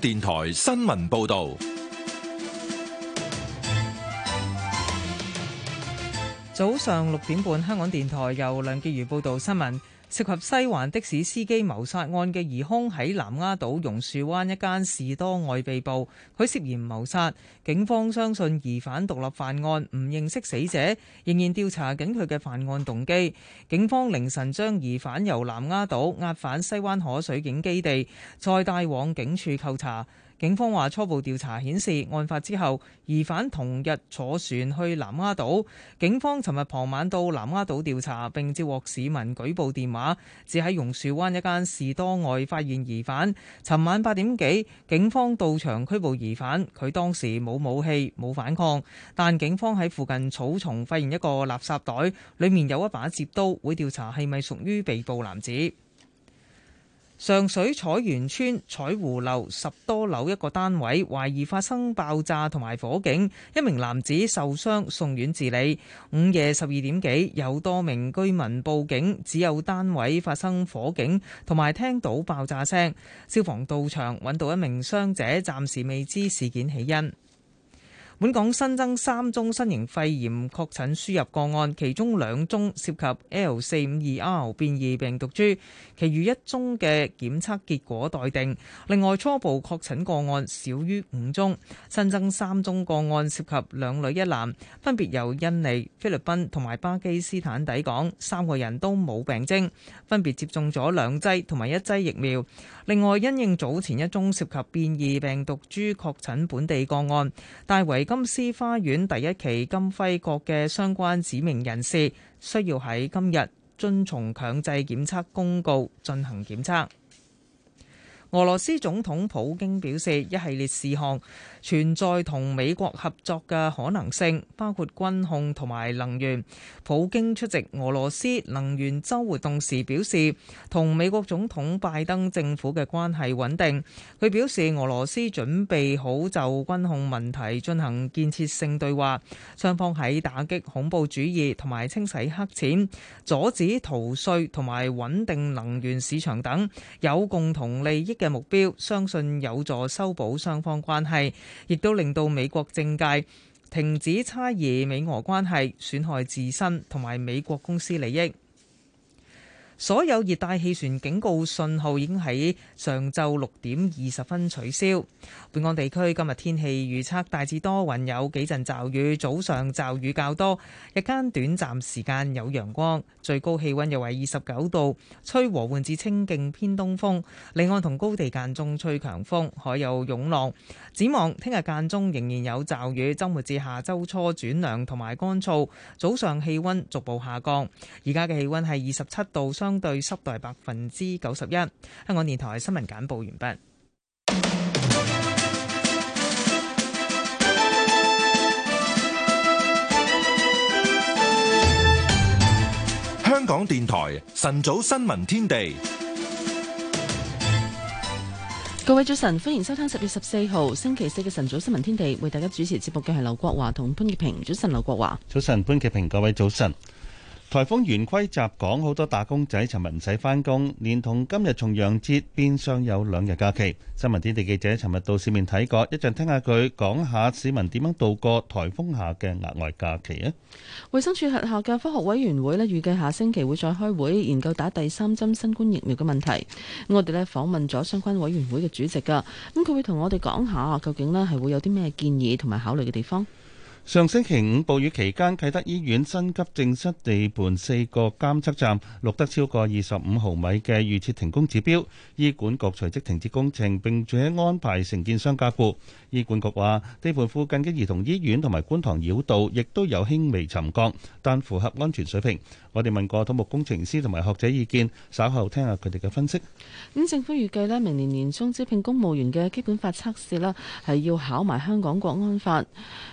電台新聞報道，早上六點半，香港電台由梁潔儀報道新聞。涉及西環的士司機謀殺案嘅疑兇喺南丫島榕樹灣一間士多外被捕，佢涉嫌謀殺。警方相信疑犯獨立犯案，唔認識死者，仍然調查緊佢嘅犯案動機。警方凌晨將疑犯由南丫島押返西灣河水警基地，再帶往警署扣查。警方話初步調查顯示，案發之後，疑犯同日坐船去南丫島。警方尋日傍晚到南丫島調查，並接獲市民舉報電話，只喺榕樹灣一間士多外發現疑犯。尋晚八點幾，警方到場拘捕疑犯，佢當時冇武器，冇反抗。但警方喺附近草叢發現一個垃圾袋，裡面有一把摺刀，會調查係咪屬於被捕男子。上水彩園村彩湖樓十多樓一個單位懷疑發生爆炸同埋火警，一名男子受傷送院治理。午夜十二點幾有多名居民報警，只有單位發生火警同埋聽到爆炸聲，消防到場揾到一名傷者，暫時未知事件起因。本港新增三宗新型肺炎確診輸入個案，其中兩宗涉及 L 四五二 R 變異病毒株，其餘一宗嘅檢測結果待定。另外，初步確診個案少於五宗，新增三宗個案涉及兩女一男，分別由印尼、菲律賓同埋巴基斯坦抵港，三個人都冇病徵，分別接種咗兩劑同埋一劑疫苗。另外，因應早前一宗涉及變異病毒株確診本地個案，戴維。金獅花園第一期金輝閣嘅相關指明人士，需要喺今日遵從強制檢測公告進行檢測。俄羅斯總統普京表示，一系列事項存在同美國合作嘅可能性，包括軍控同埋能源。普京出席俄羅斯能源周活動時表示，同美國總統拜登政府嘅關係穩定。佢表示，俄羅斯準備好就軍控問題進行建設性對話，雙方喺打擊恐怖主義同埋清洗黑錢、阻止逃稅同埋穩定能源市場等，有共同利益。嘅目標相信有助修補雙方關係，亦都令到美國政界停止猜疑美俄關係，損害自身同埋美國公司利益。所有熱帶氣旋警告信號已經喺上晝六點二十分取消。本港地區今日天氣預測，大致多雲，有幾陣驟雨，早上驟雨較多，日間短暫時間有陽光，最高氣温約為二十九度，吹和緩至清勁偏東風。離岸同高地間中吹強風，海有湧浪。展望聽日間中仍然有驟雨，週末至下週初轉涼同埋乾燥，早上氣温逐步下降。而家嘅氣温係二十七度，相相對濕度百分之九十一。香港電台新聞簡報完畢。香港電台晨早新聞天地，各位早晨，歡迎收聽十月十四號星期四嘅晨早新聞天地。為大家主持節目嘅係劉國華同潘潔平。早晨，劉國華。早晨，潘潔平。各位早晨。台風圓規襲港，好多打工仔尋日唔使返工，連同今日重陽節，變相有兩日假期。新聞天地記者尋日到市面睇過，聽聽一陣聽下佢講下市民點樣度過台風下嘅額外假期啊！衛生署轄下嘅科學委員會咧，預計下星期會再開會研究打第三針新冠疫苗嘅問題。我哋咧訪問咗相關委員會嘅主席噶，咁佢會同我哋講下究竟咧係會有啲咩建議同埋考慮嘅地方。上星期五暴雨期間，啟德醫院新急症室地盤四個監測站錄得超過二十五毫米嘅預設停工指標，醫管局隨即停止工程並且安排承建商加固。醫管局話地盤附近嘅兒童醫院同埋觀塘繞道亦都有輕微沉降，但符合安全水平。我哋問過土木工程師同埋學者意見，稍後聽下佢哋嘅分析。咁政府預計呢明年年中招聘公務員嘅基本法測試啦，係要考埋香港國安法。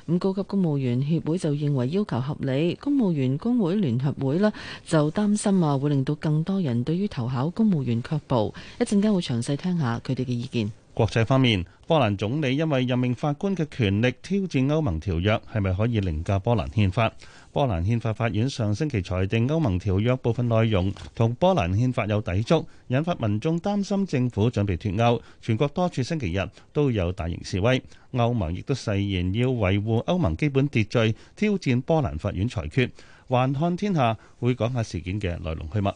咁高級公公務員協會就認為要求合理，公務員工會聯合會呢，就擔心話會令到更多人對於投考公務員卻步。一陣間會詳細聽下佢哋嘅意見。國際方面，波蘭總理因為任命法官嘅權力挑戰歐盟條約，係咪可以凌駕波蘭憲法？波蘭憲法法院上星期裁定歐盟條約部分內容同波蘭憲法有抵觸，引發民眾擔心政府準備脱歐。全國多處星期日都有大型示威，歐盟亦都誓言要維護歐盟基本秩序，挑戰波蘭法院裁決。環看天下，會講下事件嘅來龍去脈。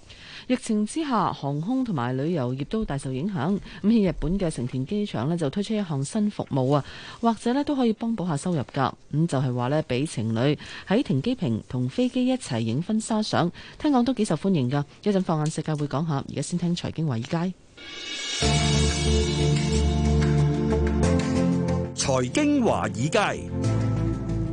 疫情之下，航空同埋旅遊業都大受影響。咁喺日本嘅成田機場咧，就推出一項新服務啊，或者咧都可以幫補下收入噶。咁、嗯、就係話咧，俾情侶喺停機坪同飛機一齊影婚紗相，聽講都幾受歡迎噶。一陣放眼世界會講下，而家先聽財經華爾街。財經華爾街，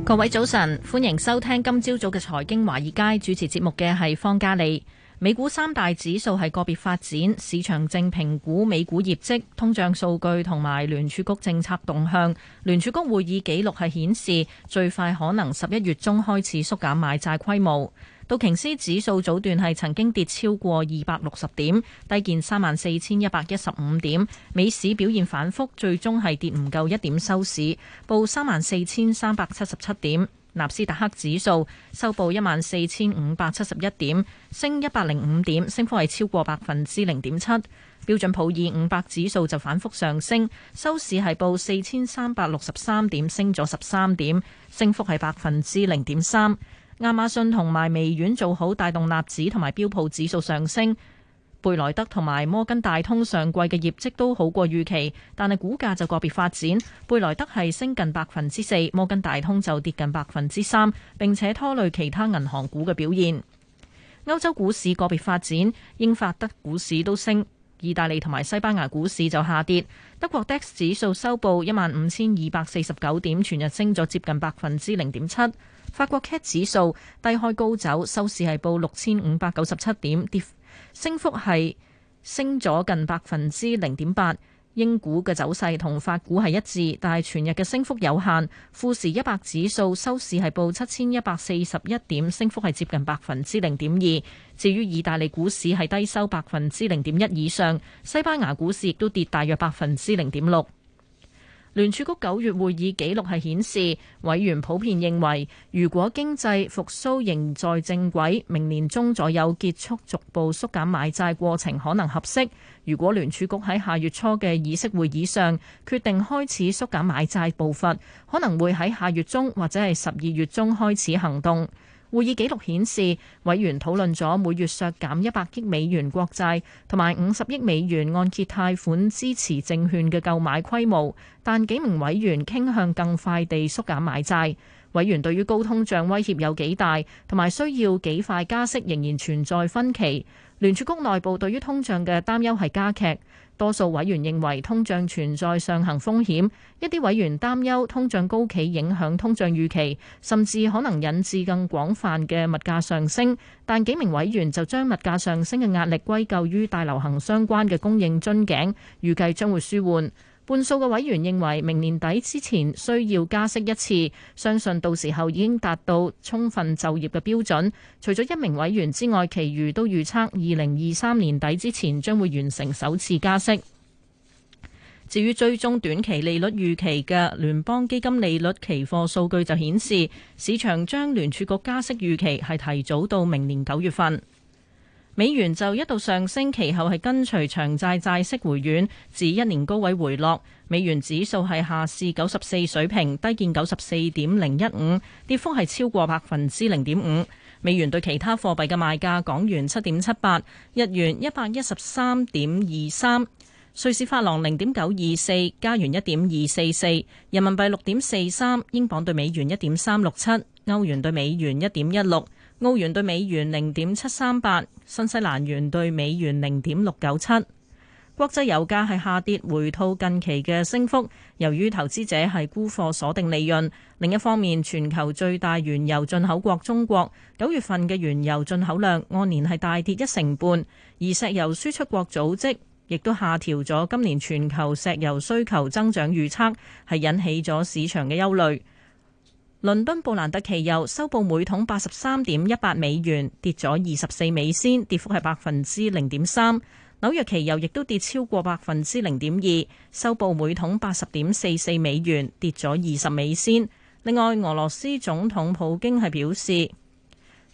各位早晨，歡迎收聽今朝早嘅財經華爾街，主持節目嘅係方嘉莉。美股三大指數係個別發展，市場正評估美股業績、通脹數據同埋聯儲局政策動向。聯儲局會議紀錄係顯示，最快可能十一月中開始縮減買債規模。道瓊斯指數早段係曾經跌超過二百六十點，低見三萬四千一百一十五點，美市表現反覆，最終係跌唔夠一點收市，報三萬四千三百七十七點。納斯達克指數收報一萬四千五百七十一點，升一百零五點，升幅係超過百分之零點七。標準普爾五百指數就反覆上升，收市係報四千三百六十三點，升咗十三點，升幅係百分之零點三。亞馬遜同埋微軟做好帶動納指同埋標普指數上升。貝萊德同埋摩根大通上季嘅業績都好過預期，但係股價就個別發展。貝萊德係升近百分之四，摩根大通就跌近百分之三，並且拖累其他銀行股嘅表現。歐洲股市個別發展，英法德股市都升，意大利同埋西班牙股市就下跌。德國 DAX 指數收報一萬五千二百四十九點，全日升咗接近百分之零點七。法國 CAC 指數低開高走，收市係報六千五百九十七點，跌。升幅係升咗近百分之零點八，英股嘅走勢同法股係一致，但係全日嘅升幅有限。富時一百指數收市係報七千一百四十一點，升幅係接近百分之零點二。至於意大利股市係低收百分之零點一以上，西班牙股市亦都跌大約百分之零點六。聯儲局九月會議記錄係顯示，委員普遍認為，如果經濟復甦仍在正軌，明年中左右結束逐步縮減買債過程可能合適。如果聯儲局喺下月初嘅議息會議上決定開始縮減買債步伐，可能會喺下月中或者係十二月中開始行動。會議紀錄顯示，委員討論咗每月削減一百億美元國債同埋五十億美元按揭貸款支持證券嘅購買規模，但幾名委員傾向更快地縮減買債。委員對於高通脹威脅有幾大同埋需要幾快加息仍然存在分歧。聯儲局內部對於通脹嘅擔憂係加劇。多數委員認為通脹存在上行風險，一啲委員擔憂通脹高企影響通脹預期，甚至可能引致更廣泛嘅物價上升。但幾名委員就將物價上升嘅壓力歸咎於大流行相關嘅供應樽頸，預計將會舒緩。半數嘅委員認為明年底之前需要加息一次，相信到時候已經達到充分就業嘅標準。除咗一名委員之外，其餘都預測二零二三年底之前將會完成首次加息。至於最終短期利率預期嘅聯邦基金利率期貨數據就顯示，市場將聯儲局加息預期係提早到明年九月份。美元就一度上升，其後係跟隨長債債息回軟，至一年高位回落。美元指數係下試九十四水平，低見九十四點零一五，跌幅係超過百分之零點五。美元對其他貨幣嘅賣價：港元七點七八，日元一百一十三點二三，瑞士法郎零點九二四，加元一點二四四，人民幣六點四三，英鎊對美元一點三六七，歐元對美元一點一六。澳元兌美元零點七三八，新西蘭元兌美元零點六九七。國際油價係下跌回吐近期嘅升幅，由於投資者係沽貨鎖定利潤，另一方面，全球最大原油進口國中國九月份嘅原油進口量按年係大跌一成半，而石油輸出國組織亦都下調咗今年全球石油需求增長預測，係引起咗市場嘅憂慮。倫敦布蘭特期油收報每桶八十三點一八美元，跌咗二十四美仙，跌幅係百分之零點三。紐約期油亦都跌超過百分之零點二，收報每桶八十點四四美元，跌咗二十美仙。另外，俄羅斯總統普京係表示，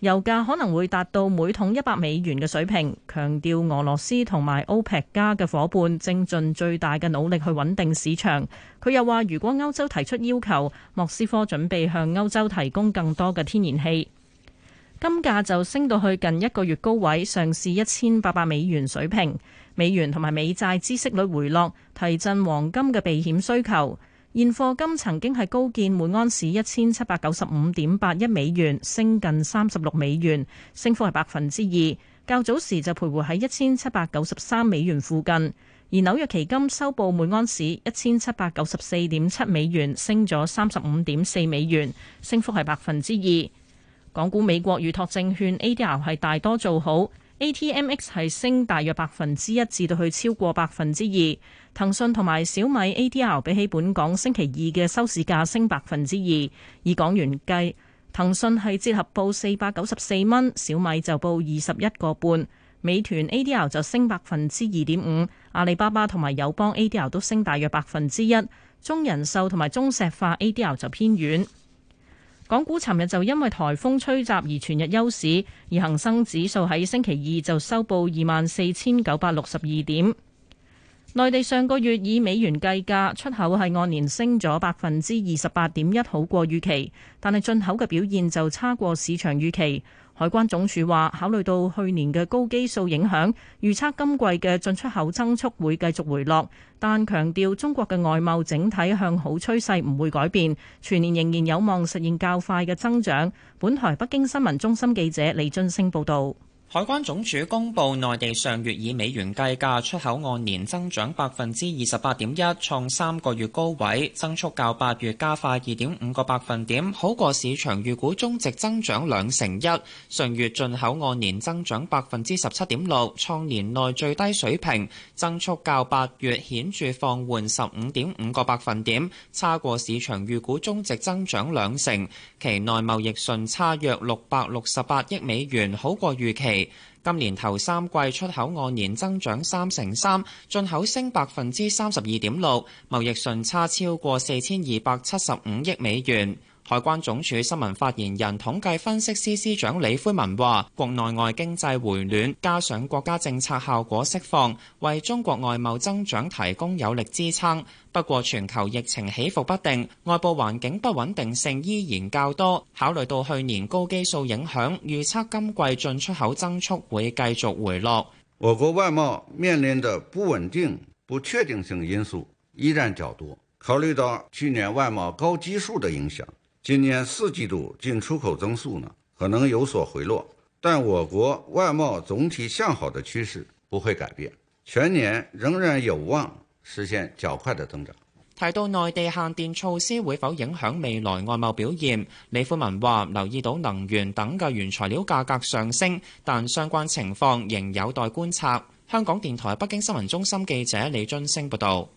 油價可能會達到每桶一百美元嘅水平，強調俄羅斯同埋歐佩克加嘅伙伴正盡最大嘅努力去穩定市場。佢又話，如果歐洲提出要求，莫斯科準備向歐洲提供更多嘅天然氣。金價就升到去近一個月高位，上試一千八百美元水平。美元同埋美債孳息率回落，提振黃金嘅避險需求。現貨金曾經係高見每安士一千七百九十五點八一美元，升近三十六美元，升幅係百分之二。較早時就徘徊喺一千七百九十三美元附近。而紐約期金收報每安士一千七百九十四點七美元，升咗三十五點四美元，升幅係百分之二。港股美國預託證券 ADR 係大多做好，ATMX 係升大約百分之一至到去超過百分之二。騰訊同埋小米 ADR 比起本港星期二嘅收市價升百分之二，以港元計，騰訊係折合報四百九十四蚊，小米就報二十一個半，美團 ADR 就升百分之二點五，阿里巴巴同埋友邦 ADR 都升大約百分之一，中人壽同埋中石化 ADR 就偏軟。港股尋日就因為台風吹襲而全日休市，而恒生指數喺星期二就收報二萬四千九百六十二點。內地上個月以美元計價出口係按年升咗百分之二十八點一，好過預期，但係進口嘅表現就差過市場預期。海關總署話，考慮到去年嘅高基數影響，預測今季嘅進出口增速會繼續回落，但強調中國嘅外貿整體向好趨勢唔會改變，全年仍然有望實現較快嘅增長。本台北京新聞中心記者李津升報道。海關總署公布，內地上月以美元計價出口按年增長百分之二十八點一，創三個月高位，增速較八月加快二點五個百分點，好過市場預估中值增長兩成一。上月進口按年增長百分之十七點六，創年內最低水平，增速較八月顯著放緩十五點五個百分點，差過市場預估中值增長兩成。期內貿易順差約六百六十八億美元，好過預期。今年頭三季出口按年增長三成三，進口升百分之三十二點六，貿易順差超過四千二百七十五億美元。海關總署新聞發言人、統計分析師司長李魁文話：國內外經濟回暖，加上國家政策效果釋放，為中國外貿增長提供有力支撐。不過，全球疫情起伏不定，外部環境不穩定性依然較多。考慮到去年高基數影響，預測今季進出口增速會繼續回落。我國外貿面臨的不穩定、不確定性因素依然較多。考慮到去年外貿高基數的影響。今年四季度進出口增速呢，可能有所回落，但我國外貿總體向好的趨勢不會改變，全年仍然有望實現較快的增長。提到內地限電措施會否影響未來外貿表現，李富文話留意到能源等嘅原材料價格上升，但相關情況仍有待觀察。香港電台北京新聞中心記者李津升報道。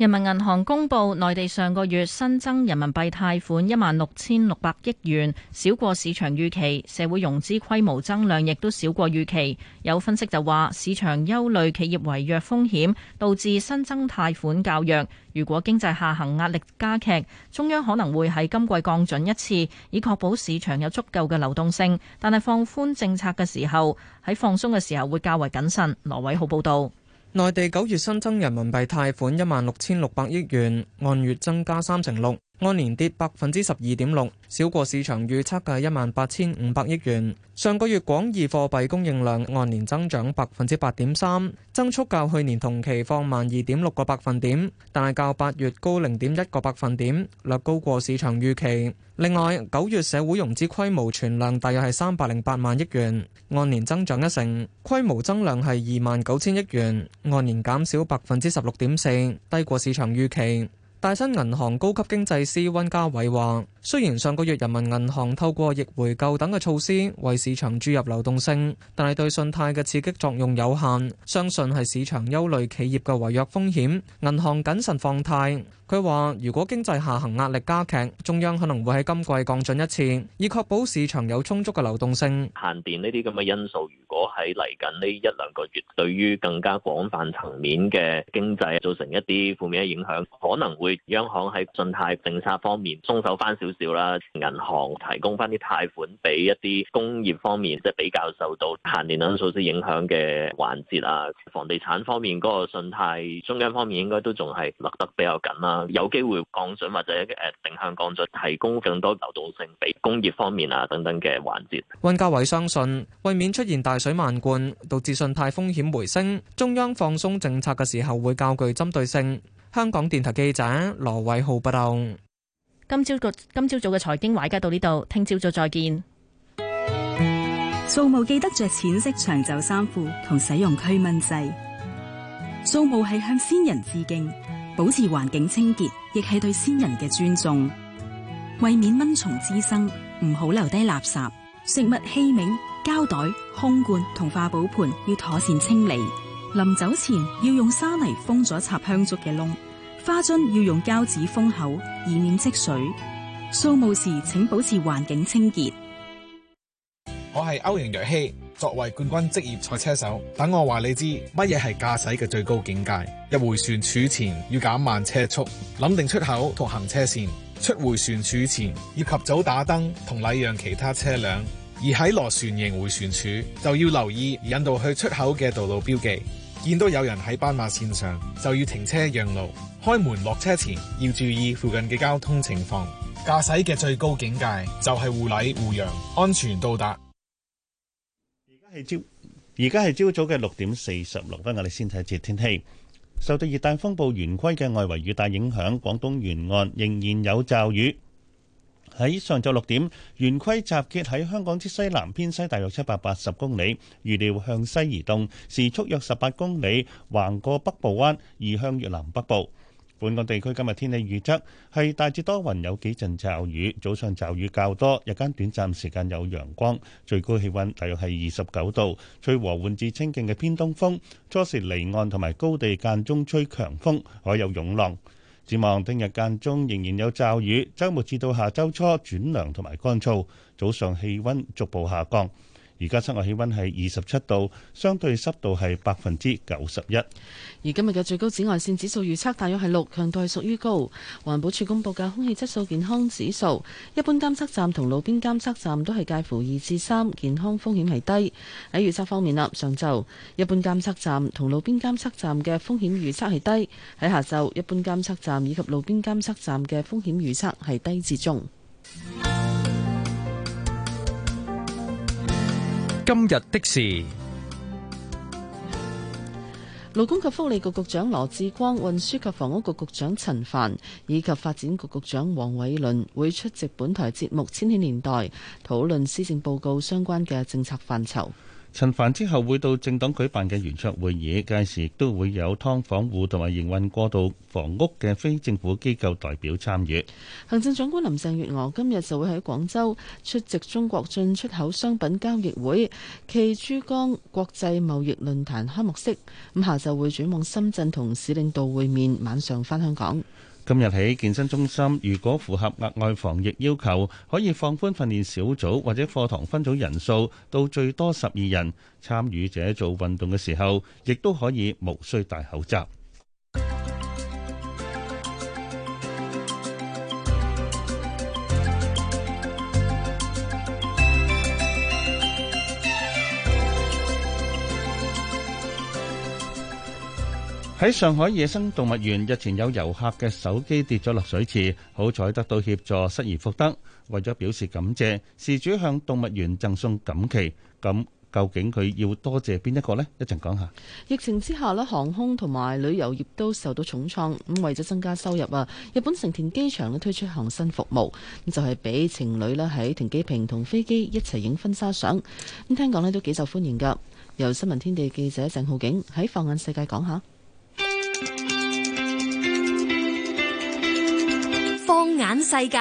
人民銀行公布，內地上個月新增人民幣貸款一萬六千六百億元，少過市場預期；社會融資規模增量亦都少過預期。有分析就話，市場憂慮企業違約風險，導致新增貸款較弱。如果經濟下行壓力加劇，中央可能會喺今季降準一次，以確保市場有足夠嘅流動性。但係放寬政策嘅時候，喺放鬆嘅時候會較為謹慎。羅偉浩報道。內地九月新增人民幣貸款一萬六千六百億元，按月增加三成六。按年跌百分之十二點六，少過市場預測嘅一萬八千五百億元。上個月廣義貨幣供應量按年增長百分之八點三，增速較去年同期放慢二點六個百分點，但係較八月高零點一個百分點，略高過市場預期。另外，九月社會融資規模存量大約係三百零八萬億元，按年增長一成，規模增量係二萬九千億元，按年減少百分之十六點四，低過市場預期。大新銀行高級經濟師溫家偉話，雖然上個月人民銀行透過逆回購等嘅措施為市場注入流動性，但係對信貸嘅刺激作用有限，相信係市場憂慮企業嘅違約風險，銀行謹慎放貸。佢話：如果經濟下行壓力加劇，中央可能會喺今季降準一次，以確保市場有充足嘅流動性。限電呢啲咁嘅因素，如果喺嚟緊呢一兩個月，對於更加廣泛層面嘅經濟造成一啲負面嘅影響，可能會央行喺信貸政策方面鬆手返少少啦，銀行提供返啲貸款俾一啲工業方面，即係比較受到限電等因素之影響嘅環節啊，房地產方面嗰個信貸，中央方面應該都仲係勒得比較緊啦。有機會降準或者誒、定向降準，提供更多流動性俾工業方面啊等等嘅環節。溫家偉相信，為免出現大水漫灌，導致信貸風險回升，中央放鬆政策嘅時候會較具針對性。香港電台記者羅偉浩報道。今朝個今朝早嘅財經話家到呢度，聽朝早、早再見。掃墓記得着淺色長袖衫褲，同使用驅蚊劑。掃墓係向先人致敬。保持環境清潔，亦係對先人嘅尊重。為免蚊蟲滋生，唔好留低垃圾、食物器皿、膠袋、空罐同化寶盤，要妥善清理。臨走前要用沙泥封咗插香燭嘅窿，花樽要用膠紙封口，以免積水。掃墓時請保持環境清潔。我係歐陽若希。作為冠軍職業賽車手，等我話你知乜嘢係駕駛嘅最高境界。入回旋處前要減慢車速，諗定出口同行車線；出回旋處前要及早打燈同禮讓其他車輛。而喺螺旋形回旋處就要留意引導去出口嘅道路標記，見到有人喺斑馬線上就要停車讓路。開門落車前要注意附近嘅交通情況。駕駛嘅最高境界就係護禮護讓，安全到達。係朝，而家係朝早嘅六點四十六分，我哋先睇一節天氣。受到熱帶風暴圓規嘅外圍雨帶影響，廣東沿岸仍然有驟雨。喺上晝六點，圓規集結喺香港之西南偏西大約七百八十公里，預料向西移動，時速約十八公里，橫過北部灣移向越南北部。本港地區今日天氣預測係大致多雲，有幾陣驟雨，早上驟雨較多，日間短暫時間有陽光，最高氣溫大約係二十九度。吹和緩至清勁嘅偏東風，初時離岸同埋高地間中吹強風，海有湧浪。展望聽日間中仍然有驟雨，周末至到下周初轉涼同埋乾燥，早上氣溫逐步下降。而家室外氣溫係二十七度，相對濕度係百分之九十一。而今日嘅最高紫外線指數預測大約係六，強度係屬於高。環保署公佈嘅空氣質素健康指數，一般監測站同路邊監測站都係介乎二至三，健康風險係低。喺預測方面啦，上晝一般監測站同路邊監測站嘅風險預測係低；喺下晝，一般監測站以及路邊監測站嘅風險預測係低至中。今日的事，勞工及福利局局長羅致光，運輸及房屋局局長陳帆以及發展局局長黃偉綸，會出席本台節目《千禧年代》，討論施政報告相關嘅政策範疇。陳帆之後會到政黨舉辦嘅圓桌會議，屆時亦都會有劏房戶同埋營運過渡房屋嘅非政府機構代表參與。行政長官林鄭月娥今日就會喺廣州出席中國進出口商品交易會暨珠江國際貿易論壇開幕式，咁下晝會轉往深圳同市領導會面，晚上返香港。今日起，健身中心如果符合額外防疫要求，可以放寬訓練小組或者課堂分組人數到最多十二人。參與者做運動嘅時候，亦都可以無需戴口罩。喺上海野生動物園，日前有遊客嘅手機跌咗落水池，好彩得到協助，失而復得。為咗表示感謝，事主向動物園贈送錦旗。咁究竟佢要多謝邊一個呢？一陣講下。疫情之下呢，航空同埋旅遊業都受到重創。咁為咗增加收入啊，日本成田機場呢推出行新服務，咁就係俾情侶呢喺停機坪同飛機一齊影婚紗相。咁聽講呢都幾受歡迎㗎。由新聞天地記者鄭浩景喺放眼世界講下。放眼世界，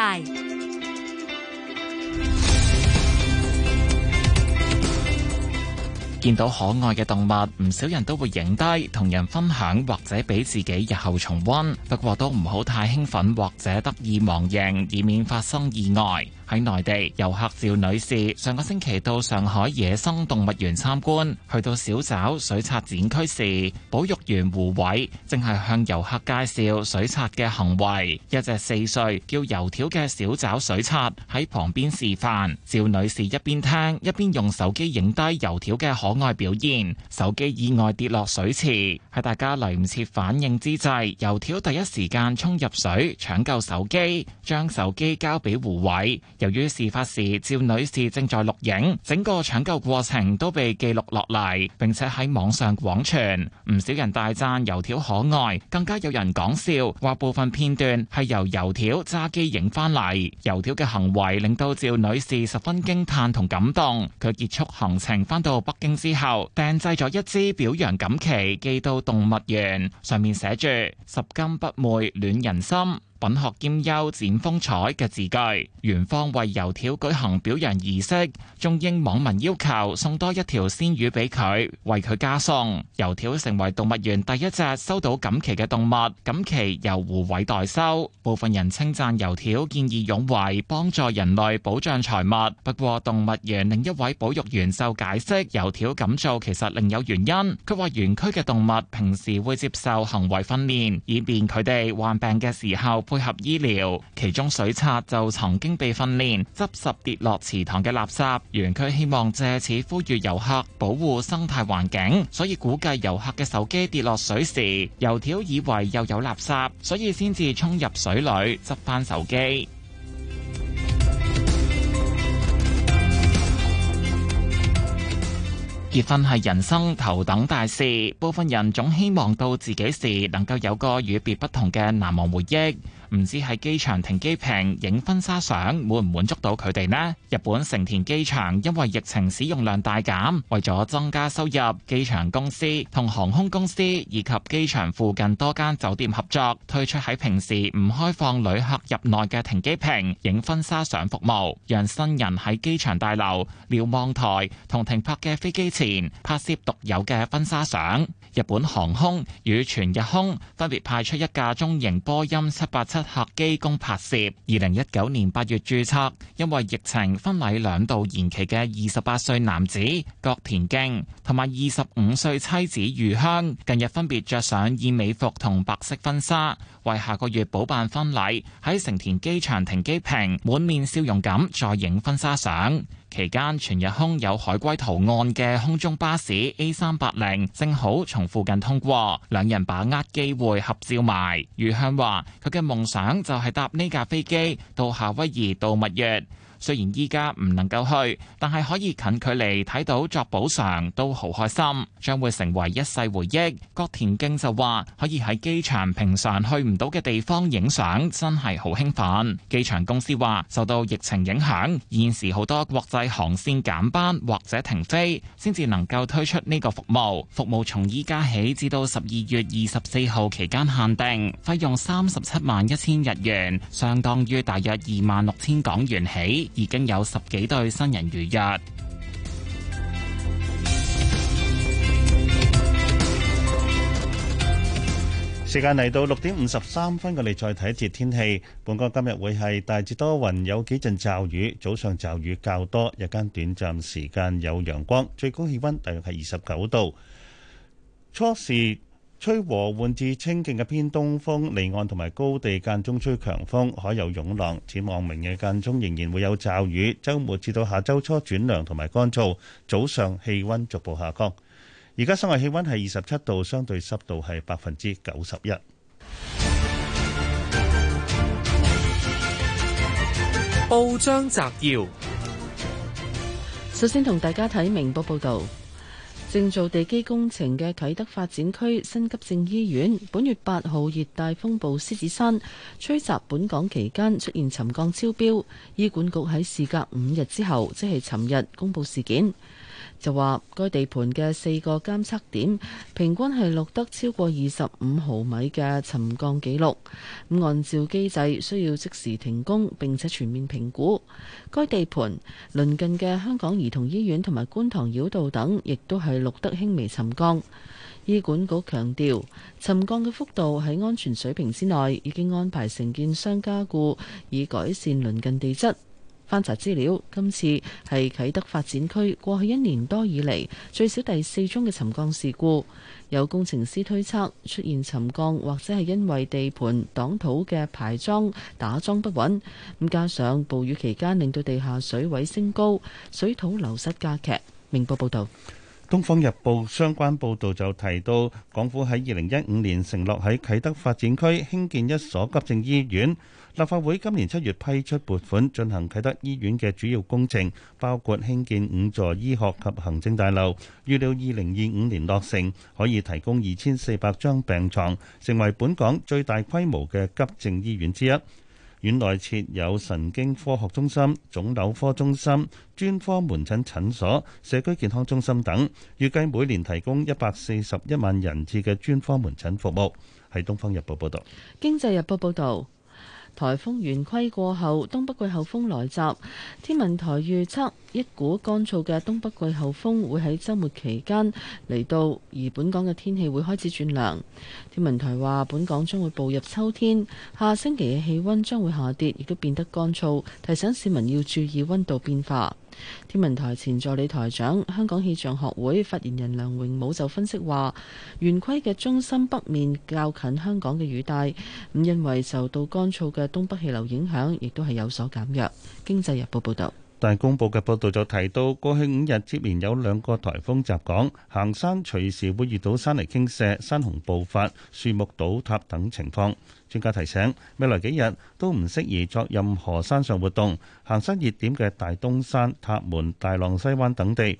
見到可愛嘅動物，唔少人都會影低，同人分享，或者俾自己日後重溫。不過都唔好太興奮，或者得意忘形，以免發生意外。喺內地，遊客趙女士上個星期到上海野生動物園參觀，去到小爪水獺展區時，保育員胡偉正係向遊客介紹水獺嘅行為。一隻四歲叫油條嘅小爪水獺喺旁邊示範，趙女士一邊聽一邊用手機影低油條嘅可愛表現。手機意外跌落水池，喺大家嚟唔切反應之際，油條第一時間衝入水搶救手機，將手機交俾胡偉。由於事發時趙女士正在錄影，整個搶救過程都被記錄落嚟，並且喺網上廣傳。唔少人大讚油條可愛，更加有人講笑，話部分片段係由油條揸機影翻嚟。油條嘅行為令到趙女士十分驚歎同感動。佢結束行程翻到北京之後，訂製咗一支表揚錦旗寄到動物園，上面寫住拾金不昧暖人心，品學兼優展風采嘅字句，園方為油條舉行表揚儀式，仲應網民要求送多一條鮮魚俾佢，為佢加餸。油條成為動物園第一隻收到錦旗嘅動物，錦旗由護衞代收。部分人稱讚油條見義勇為，幫助人類保障財物。不過動物園另一位保育員就解釋，油條咁做其實另有原因。佢話園區嘅動物平時會接受行為訓練，以便佢哋患病嘅時候，配合醫療，其中水獺就曾經被訓練執拾跌落池塘嘅垃圾。園區希望借此呼籲遊客保護生態環境，所以估計遊客嘅手機跌落水時，油條以為又有垃圾，所以先至衝入水裏執翻手機。 結婚係人生頭等大事，部分人總希望到自己時能夠有個與別不同嘅難忘回憶。唔知喺機場停機坪影婚紗相滿唔滿足到佢哋呢？日本成田機場因為疫情使用量大減，為咗增加收入，機場公司同航空公司以及機場附近多間酒店合作，推出喺平時唔開放旅客入內嘅停機坪影婚紗相服務，讓新人喺機場大樓、瞭望台同停泊嘅飛機前拍攝獨有嘅婚紗相。日本航空與全日空分別派出一架中型波音七八七客機供拍攝。二零一九年八月註冊，因為疫情婚禮兩度延期嘅二十八歲男子郭田京同埋二十五歲妻子余香，近日分別着上燕尾服同白色婚紗，為下個月補辦婚禮，喺成田機場停機坪，滿面笑容咁再影婚紗相。期間，全日空有海龜圖案嘅空中巴士 A 三八零正好從附近通過，兩人把握機會合照埋。余香話：佢嘅夢想就係搭呢架飛機到夏威夷度蜜月。雖然依家唔能夠去，但係可以近距離睇到作補償，都好開心，將會成為一世回憶。郭田敬就話：可以喺機場平常去唔到嘅地方影相，真係好興奮。機場公司話：受到疫情影響，現時好多國際航線減班或者停飛，先至能夠推出呢個服務。服務從依家起至到十二月二十四號期間限定，費用三十七萬一千日元，相當於大約二萬六千港元起。已經有十幾對新人預約。時間嚟到六點五十三分，我哋再睇一節天氣。本港今日會係大致多雲，有幾陣驟雨，早上驟雨較多，日間短暫時間有陽光，最高氣溫大約係二十九度。初時，吹和緩至清勁嘅偏東風，離岸同埋高地間中吹強風，海有湧浪。展望明日間中仍然會有驟雨。周末至到下周初轉涼同埋乾燥，早上氣溫逐步下降。而家室外氣溫係二十七度，相對濕度係百分之九十一。報章摘要，首先同大家睇明報報道。正做地基工程嘅啟德發展區新急症醫院，本月八號熱帶風暴獅子山吹襲本港期間出現沉降超標，醫管局喺事隔五日之後，即係尋日公布事件。就話，該地盤嘅四個監測點平均係錄得超過二十五毫米嘅沉降記錄。咁按照機制，需要即時停工並且全面評估。該地盤鄰近嘅香港兒童醫院同埋觀塘繞道等，亦都係錄得輕微沉降。醫管局強調，沉降嘅幅度喺安全水平之內，已經安排承建商加固，以改善鄰近地質。翻查資料，今次係啟德發展區過去一年多以嚟最少第四宗嘅沉降事故。有工程師推測出現沉降，或者係因為地盤擋土嘅排裝打樁不穩。咁加上暴雨期間，令到地下水位升高，水土流失加劇。明報報道：《東方日報》相關報導就提到，港府喺二零一五年承諾喺啟德發展區興建一所急症醫院。立法會今年七月批出撥款進行啟德醫院嘅主要工程，包括興建五座醫學及行政大樓，預料二零二五年落成，可以提供二千四百張病床，成為本港最大規模嘅急症醫院之一。院內設有神經科學中心、腫瘤科中心、專科門診診所、社區健康中心等，預計每年提供一百四十一萬人次嘅專科門診服務。喺《東方日報》報導，《經濟日報》報導。颱風圓規過後，東北季候風來襲，天文台預測一股乾燥嘅東北季候風會喺周末期間嚟到，而本港嘅天氣會開始轉涼。天文台話，本港將會步入秋天，下星期嘅氣溫將會下跌，亦都變得乾燥，提醒市民要注意溫度變化。天文台前助理台長、香港氣象學會發言人梁榮武就分析話，圓規嘅中心北面較近香港嘅雨帶，咁因為受到乾燥嘅東北氣流影響，亦都係有所減弱。經濟日報報道，大公報嘅報道就提到，過去五日接連有兩個颱風襲港，行山隨時會遇到山泥傾瀉、山洪暴發、樹木倒塌等情況。專家提醒，未來幾日都唔適宜作任何山上活動。行山熱點嘅大東山、塔門、大浪西灣等地，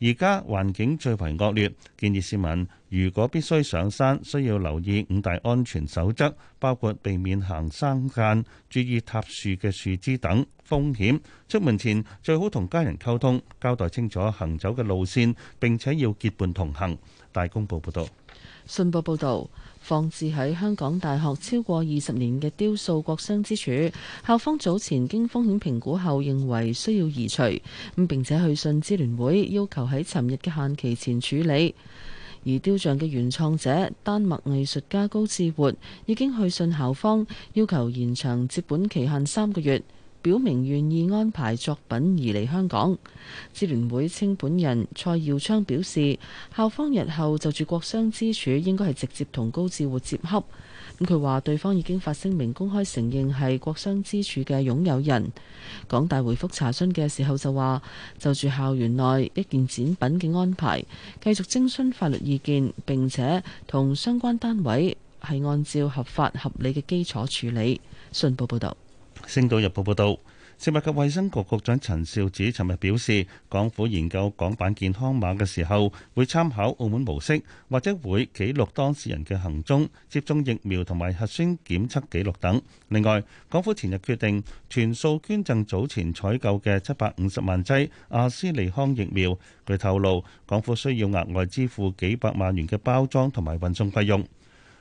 而家環境最為惡劣。建議市民如果必須上山，需要留意五大安全守則，包括避免行山澗、注意塌樹嘅樹枝等風險。出門前最好同家人溝通，交代清楚行走嘅路線，並且要結伴同行。大公報報道。信報報導。放置喺香港大學超過二十年嘅雕塑國殤之柱，校方早前經風險評估後認為需要移除，咁並且去信支聯會要求喺尋日嘅限期前處理。而雕像嘅原創者丹麥藝術家高志活已經去信校方要求延長接本期限三個月。表明願意安排作品移嚟香港。支聯會清盤人蔡耀昌表示，校方日後就住國殤之柱應該係直接同高志活接洽。咁佢話，對方已經發聲明公開承認係國殤之柱嘅擁有人。港大回覆查詢嘅時候就話，就住校園內一件展品嘅安排，繼續徵詢法律意見，並且同相關單位係按照合法合理嘅基礎處理。信報報道。星島日報報導，食物及衛生局局長陳肇始尋日表示，港府研究港版健康碼嘅時候，會參考澳門模式，或者會記錄當事人嘅行蹤、接種疫苗同埋核酸檢測記錄等。另外，港府前日決定全數捐贈早前採購嘅七百五十萬劑阿斯利康疫苗。佢透露，港府需要額外支付幾百萬元嘅包裝同埋運送費用。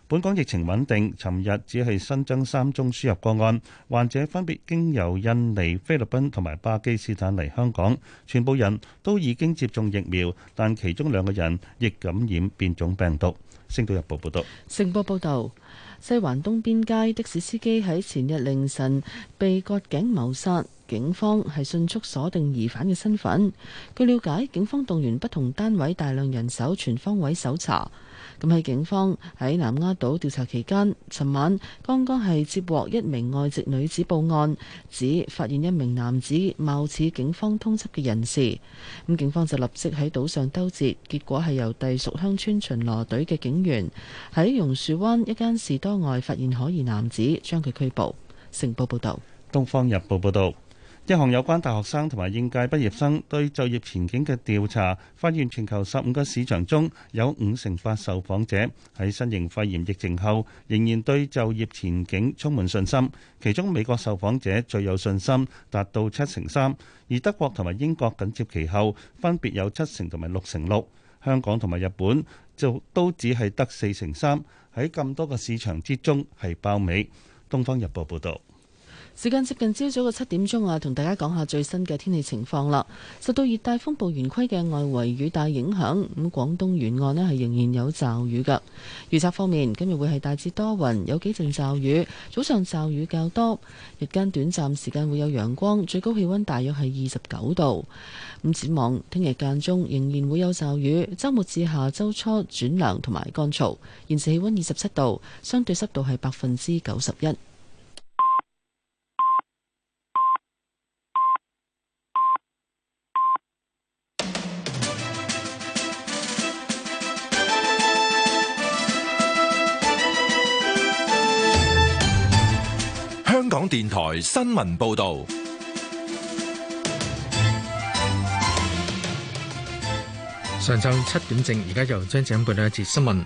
本港疫情穩定，尋日只係新增三宗輸入個案，患者分別經由印尼、菲律賓同埋巴基斯坦嚟香港，全部人都已經接種疫苗，但其中兩個人亦感染變種病毒。星島日報報道，晴報報道，西環東邊街的士司機喺前日凌晨被割頸謀殺，警方係迅速鎖定疑犯嘅身份。據了解，警方動員不同單位大量人手，全方位搜查。咁喺警方喺南丫島調查期間，尋晚剛剛係接獲一名外籍女子報案，指發現一名男子貌似警方通緝嘅人士。咁警方就立即喺島上兜截，結果係由隸屬鄉村巡邏隊嘅警員喺榕樹灣一間士多外發現可疑男子，將佢拘捕。成報報道，東方日報報道。一項有關大學生同埋應屆畢業生對就業前景嘅調查，發現全球十五個市場中有五成八受訪者喺新型肺炎疫情後仍然對就業前景充滿信心。其中美國受訪者最有信心，達到七成三，而德國同埋英國緊接其後，分別有七成同埋六成六。香港同埋日本就都只係得四成三，喺咁多個市場之中係包尾。《東方日報》報導。時間接近朝早嘅七點鐘啊，同大家講下最新嘅天氣情況啦。受到熱帶風暴圓規嘅外圍雨帶影響，咁廣東沿岸呢係仍然有驟雨㗎。預測方面，今日會係大致多雲，有幾陣驟雨，早上驟雨較多，日間短暫時間會有陽光，最高氣温大約係二十九度。咁展望聽日間中仍然會有驟雨，周末至下周初轉涼同埋乾燥，現時氣温二十七度，相對濕度係百分之九十一。香港電台新聞報道：上晝七點正，而家由張子欣報道一節新聞。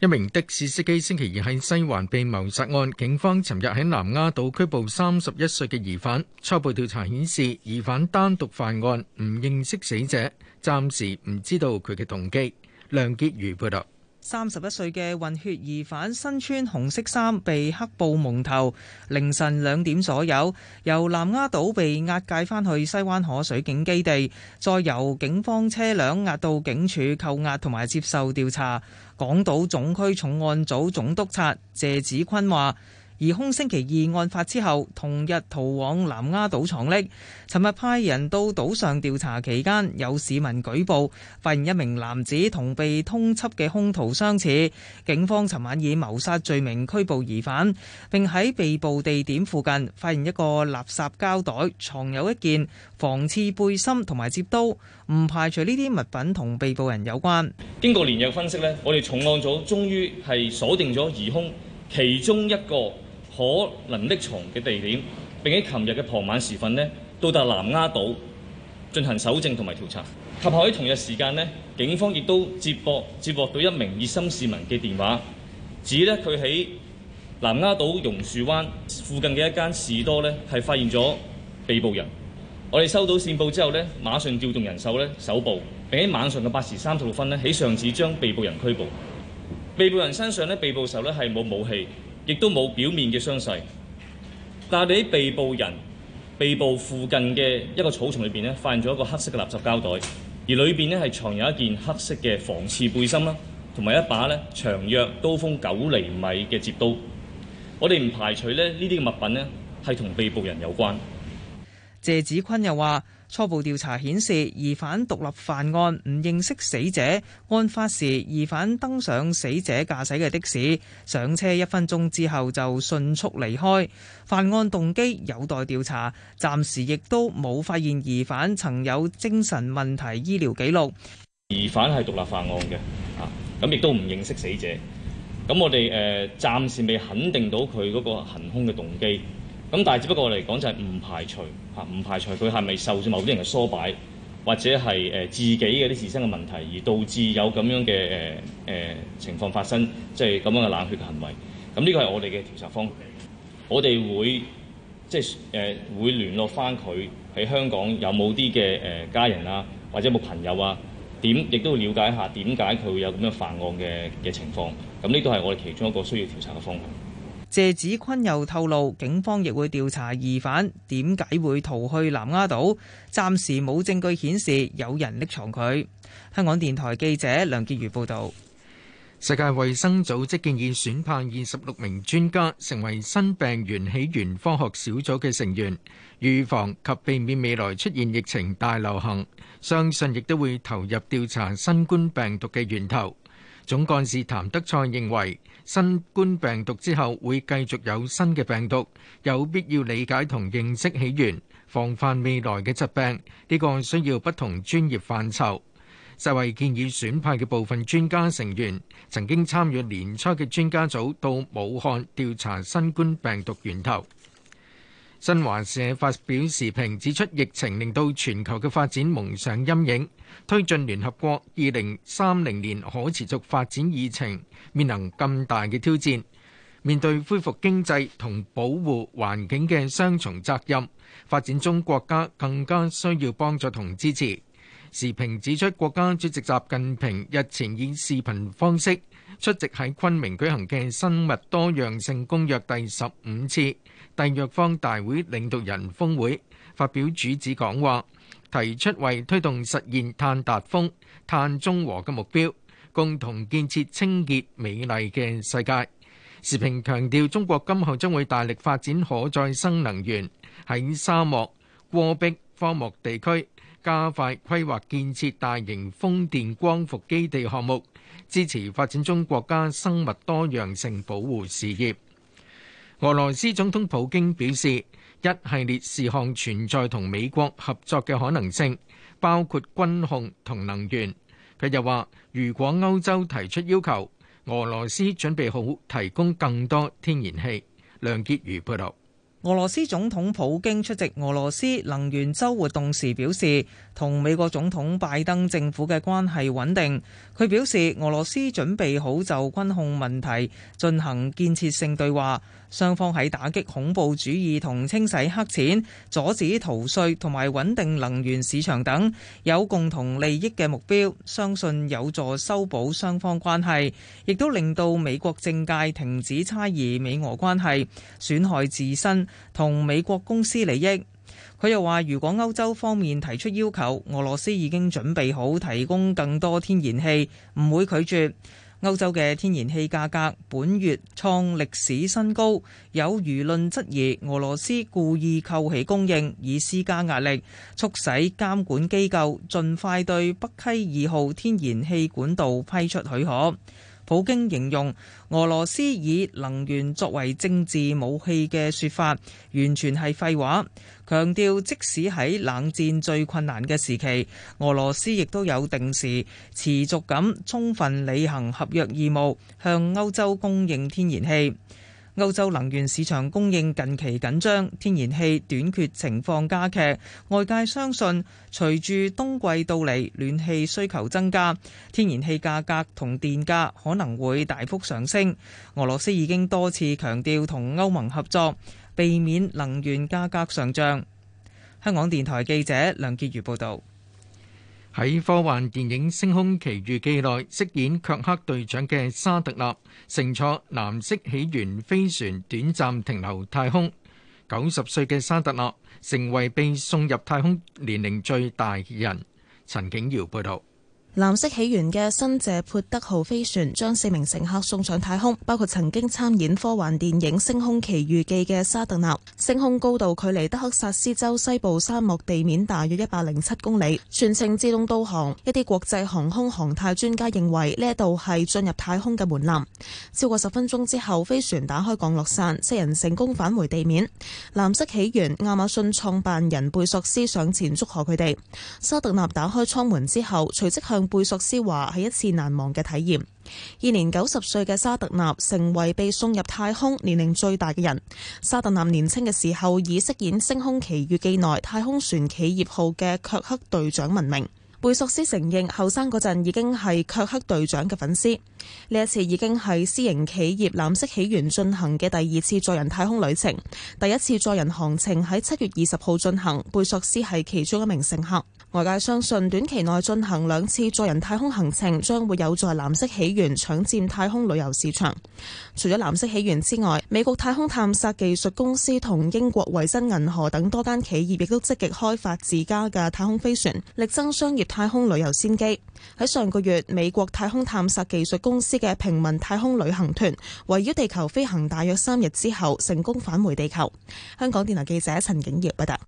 一名的士司機星期二喺西環被謀殺案，警方尋日喺南丫島拘捕三十一歲嘅疑犯。初步調查顯示，疑犯單獨犯案，唔認識死者，暫時唔知道佢嘅動機。梁潔如報道。三十一歲嘅混血疑犯身穿紅色衫，被黑布蒙頭。凌晨兩點左右，由南丫島被押解返去西灣河水警基地，再由警方車輛押到警署扣押同埋接受調查。港島總區重案組總督察謝子坤話。疑凶星期二案發之後，同日逃往南丫島藏匿。尋日派人到島上調查期間，有市民舉報發現一名男子同被通緝嘅兇徒相似。警方尋晚以謀殺罪名拘捕疑犯，並喺被捕地點附近發現一個垃圾膠袋，藏有一件防刺背心同埋折刀，唔排除呢啲物品同被捕人有關。經過連日分析呢我哋重案組終於係鎖定咗疑凶，其中一個。可能匿藏嘅地點，並喺琴日嘅傍晚時分呢到達南丫島進行搜證同埋調查。及後喺同一時間呢，警方亦都接獲，接獲到一名熱心市民嘅電話，指呢，佢喺南丫島榕樹灣附近嘅一間士多呢，係發現咗被捕人。我哋收到線報之後呢，馬上調動人手呢搜捕，並喺晚上嘅八時三十六分呢喺上址將被捕人拘捕。被捕人身上呢，被捕時呢，係冇武器。亦都冇表面嘅傷勢，但係我哋喺被捕人被捕附近嘅一個草叢裏邊呢發現咗一個黑色嘅垃圾膠袋，而裏邊呢係藏有一件黑色嘅防刺背心啦，同埋一把呢長約刀鋒九厘米嘅折刀。我哋唔排除咧呢啲嘅物品呢係同被捕人有關。謝子坤又話。初步調查顯示，疑犯獨立犯案，唔認識死者。案發時，疑犯登上死者駕駛嘅的士，上車一分鐘之後就迅速離開。犯案動機有待調查，暫時亦都冇發現疑犯曾有精神問題醫療記錄。疑犯係獨立犯案嘅，啊，咁亦都唔認識死者。咁我哋誒暫時未肯定到佢嗰個行兇嘅動機。咁但係，只不過嚟講就係唔排除嚇，唔排除佢係咪受住某啲人嘅唆擺，或者係誒自己嘅啲自身嘅問題，而導致有咁樣嘅誒誒情況發生，即係咁樣嘅冷血嘅行為。咁、嗯、呢、呢個係我哋嘅調查方向，我哋會即係誒、呃、會聯絡翻佢喺香港有冇啲嘅誒家人啊，或者有冇朋友啊？點亦都要了解下點解佢會有咁樣犯案嘅嘅情況。咁、嗯、呢、呢個係我哋其中一個需要調查嘅方向。謝子坤又透露，警方亦會調查疑犯點解會逃去南丫島，暫時冇證據顯示有人匿藏佢。香港電台記者梁潔如報導。世界衛生組織建議選派二十六名專家成為新病原起源科學小組嘅成員，預防及避免未來出現疫情大流行，相信亦都會投入調查新冠病毒嘅源頭。總幹事譚德塞認為。新冠病毒之後會繼續有新嘅病毒，有必要理解同認識起源，防範未來嘅疾病。呢個需要不同專業範疇。世衛建議選派嘅部分專家成員，曾經參與年初嘅專家組到武漢調查新冠病毒源頭。新華社發表時評指出，疫情令到全球嘅發展蒙上陰影，推進聯合國二零三零年可持續發展議程面臨更大嘅挑戰。面對恢復經濟同保護環境嘅雙重責任，發展中國家更加需要幫助同支持。時評指出，國家主席習近平日前以視頻方式出席喺昆明舉行嘅《生物多樣性公約》第十五次。締約方大會領導人峯會發表主旨講話，提出為推動實現碳達峰、碳中和嘅目標，共同建設清潔美麗嘅世界。時平強調，中國今後將會大力發展可再生能源，喺沙漠、戈壁、荒漠地區加快規劃建設大型風電、光伏基地項目，支持發展中國家生物多樣性保護事業。俄羅斯總統普京表示，一系列事項存在同美國合作嘅可能性，包括軍控同能源。佢又話，如果歐洲提出要求，俄羅斯準備好提供更多天然氣。梁潔如報道，俄羅斯總統普京出席俄羅斯能源周活動時表示，同美國總統拜登政府嘅關係穩定，佢表示俄羅斯準備好就軍控問題進行建設性對話，雙方喺打擊恐怖主義同清洗黑錢、阻止逃稅同埋穩定能源市場等有共同利益嘅目標，相信有助修補雙方關係，亦都令到美國政界停止猜疑美俄關係，損害自身同美國公司利益。佢又話，如果歐洲方面提出要求，俄羅斯已經準備好提供更多天然氣，唔會拒絕。歐洲嘅天然氣價格本月創歷史新高，有輿論質疑俄羅斯故意扣起供應，以施加壓力，促使監管機構盡快對北溪二號天然氣管道批出許可。普京形容俄羅斯以能源作為政治武器嘅説法，完全係廢話。強調，即使喺冷戰最困難嘅時期，俄羅斯亦都有定時持續咁充分履行合約義務，向歐洲供應天然氣。歐洲能源市場供應近期緊張，天然氣短缺情況加劇。外界相信，隨住冬季到嚟，暖氣需求增加，天然氣價格同電價可能會大幅上升。俄羅斯已經多次強調同歐盟合作。避免能源價格上漲。香港電台記者梁潔如報道。喺科幻電影《星空奇遇記》內飾演卻克隊長嘅沙特納，乘坐藍色起源飛船短暫停留太空。九十歲嘅沙特納成為被送入太空年齡最大嘅人。陳景瑤報導。藍色起源嘅新謝潑德號飛船將四名乘客送上太空，包括曾經參演科幻電影《星空奇遇記》嘅沙特納。升空高度距離德克薩斯州西部沙漠地面大約一百零七公里，全程自動導航。一啲國際航空航太專家認為呢一度係進入太空嘅門檻。超過十分鐘之後，飛船打開降落傘，四人成功返回地面。藍色起源、亞馬遜創辦人貝索斯上前祝賀佢哋。沙特納打開艙門之後，隨即向貝索斯話係一次難忘嘅體驗。現年九十歲嘅沙特納成為被送入太空年齡最大嘅人。沙特納年青嘅時候以飾演《星空奇遇記》內太空船企業號嘅卻克隊長聞名。貝索斯承認後生嗰陣已經係卻克隊長嘅粉絲。呢一次已經係私營企業藍色起源進行嘅第二次載人太空旅程，第一次載人航程喺七月二十號進行，貝索斯係其中一名乘客。外界相信短期內進行兩次載人太空行程，將會有助藍色起源搶佔太空旅遊市場。除咗藍色起源之外，美國太空探索技術公司同英國維珍銀河等多間企業亦都積極開發自家嘅太空飛船，力爭商業太空旅遊先機。喺上個月，美國太空探索技術公司嘅平民太空旅行團圍繞地球飛行大約三日之後，成功返回地球。香港電台記者陳景耀報道。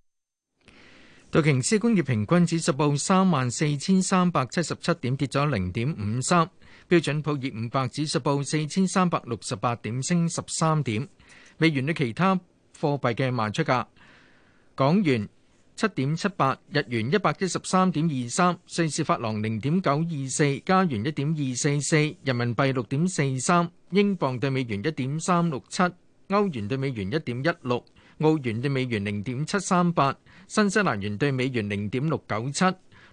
道瓊斯工業平均指數報三萬四千三百七十七點，跌咗零點五三。標準普爾五百指數報四千三百六十八點，升十三點。美元對其他貨幣嘅賣出價，港元。七點七八，日元，一百一十三點二三瑞士法郎零點九二四，加元一點二四四，人民幣六點四三。英鎊對美元一點三六七，歐元對美元一點一六，澳元對美元零點七三八，新西蘭元對美元零點六九七。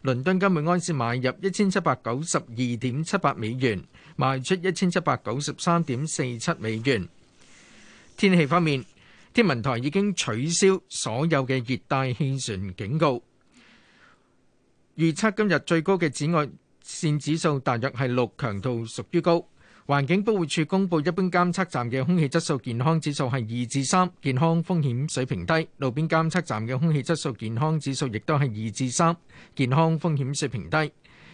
倫敦金每安士買入一千七百九十二點七八美元，賣出一千七百九十三點四七美元。天氣方面。天文台已經取消所有嘅熱帶氣旋警告，預測今日最高嘅紫外線指數大約係六，強度屬於高。環境保護署公布一般監測站嘅空氣質素健康指數係二至三，健康風險水平低。路邊監測站嘅空氣質素健康指數亦都係二至三，健康風險水平低。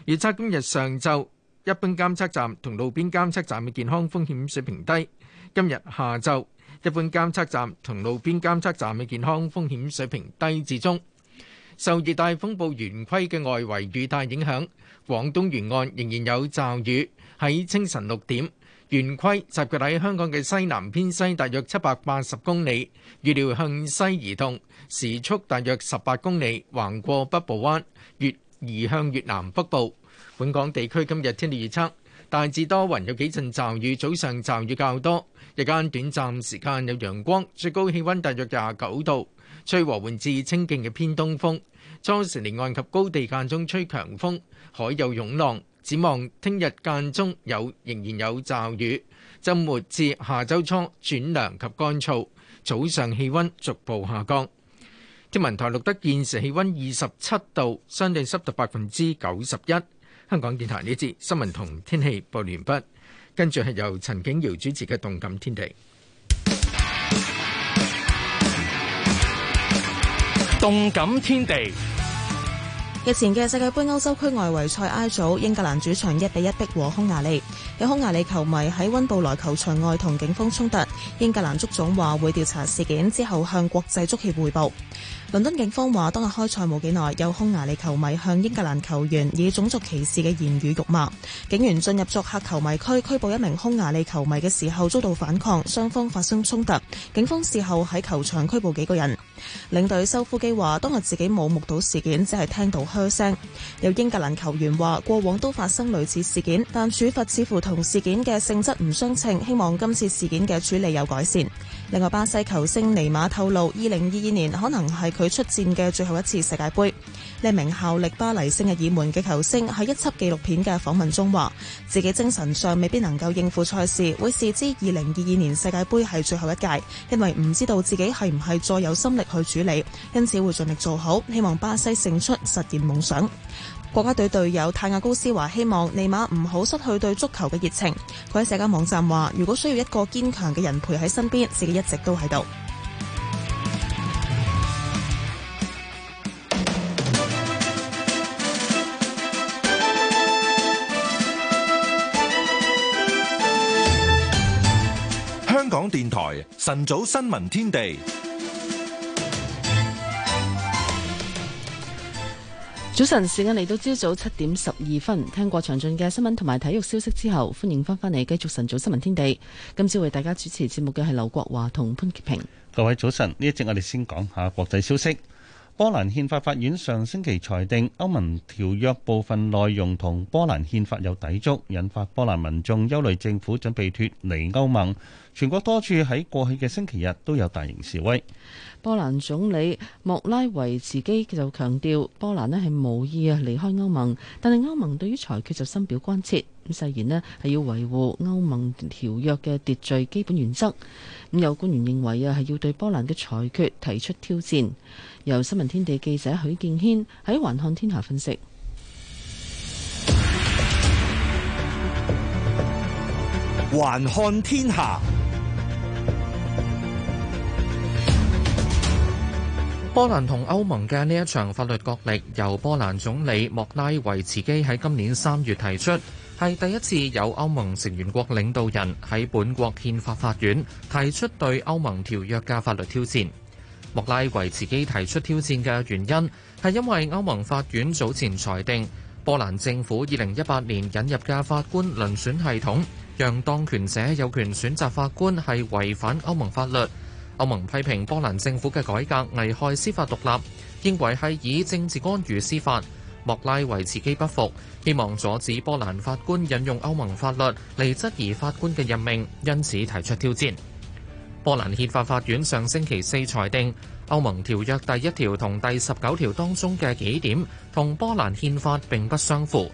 預測今日上晝，一般監測站同路邊監測站嘅健康風險水平低。今日下晝。一般監測站同路邊監測站嘅健康風險水平低至中，受熱帶風暴圓規嘅外圍雨帶影響，廣東沿岸仍然有驟雨。喺清晨六點，圓規集結喺香港嘅西南偏西，大約七百八十公里，預料向西移動，時速大約十八公里，橫過北部灣，越移向越南北部。本港地區今日天氣預測。大致多雲，有幾陣驟雨，早上驟雨較多，日間短暫時間有陽光，最高氣温大約廿九度，吹和緩至清勁嘅偏東風，初時離岸及高地間中吹強風，海有湧浪。展望聽日間中有仍然有驟雨，周末至下週初轉涼及乾燥，早上氣温逐步下降。天文台錄得現時氣温二十七度，相對濕度百分之九十一。香港電台呢節新聞同天氣播完畢，跟住係由陳景瑤主持嘅《動感天地》。動感天地。日前嘅世界盃歐洲區外圍賽 I 組，英格蘭主場一比一逼和匈牙利，有匈牙利球迷喺溫布萊球場外同警方衝突，英格蘭足總話會調查事件之後向國際足協匯報。倫敦警方話當日開賽冇幾耐，有匈牙利球迷向英格蘭球員以種族歧視嘅言語辱罵，警員進入作客球迷區拘捕一名匈牙利球迷嘅時候遭到反抗，雙方發生衝突。警方事後喺球場拘捕幾個人。領隊修夫基話當日自己冇目睹事件，只係聽到嘘聲。有英格蘭球員話過往都發生類似事件，但處罰似乎同事件嘅性質唔相稱，希望今次事件嘅處理有改善。另外，巴西球星尼馬透露二零二二年可能係佢出戰嘅最後一次世界盃，呢名效力巴黎聖日爾門嘅球星喺一輯紀錄片嘅訪問中話自己精神上未必能夠應付賽事，會視之二零二二年世界盃係最後一屆，因為唔知道自己係唔係再有心力去處理，因此會盡力做好，希望巴西勝出，實現夢想。國家隊隊友泰亞高斯華希望尼馬唔好失去對足球嘅熱情。佢喺社交網站話：如果需要一個堅強嘅人陪喺身邊，自己一直都喺度。香港電台晨早新聞天地。早晨，時間嚟到朝早七點十二分。聽過詳盡嘅新聞同埋體育消息之後，歡迎翻返嚟繼續晨早新聞天地。今次為大家主持節目嘅係劉國華同潘潔平。各位早晨，呢一節我哋先講下國際消息。波蘭憲法法院上星期裁定歐盟條約部分內容同波蘭憲法有抵觸，引發波蘭民眾憂慮，政府準備脫離歐盟。全國多處喺過去嘅星期日都有大型示威。波蘭總理莫拉維茨基就強調，波蘭呢係無意啊離開歐盟，但係歐盟對於裁決就深表關切咁，誓言呢係要維護歐盟條約嘅秩序基本原則。咁有官員認為啊，係要對波蘭嘅裁決提出挑戰。由新聞天地記者許建軒喺《環看天下》分析，《環看天下》波蘭同歐盟嘅呢一場法律角力，由波蘭總理莫拉維茨基喺今年三月提出，係第一次有歐盟成員國領導人喺本國憲法法院提出對歐盟條約嘅法律挑戰。莫拉維茨基提出挑戰嘅原因係因為歐盟法院早前裁定，波蘭政府二零一八年引入嘅法官遴選系統，讓當權者有權選擇法官係違反歐盟法律。歐盟批評波蘭政府嘅改革危害司法獨立，認為係以政治干預司法。莫拉維茨基不服，希望阻止波蘭法官引用歐盟法律嚟質疑法官嘅任命，因此提出挑戰。波蘭憲法法院上星期四裁定，歐盟條約第一條同第十九條當中嘅幾點同波蘭憲法並不相符。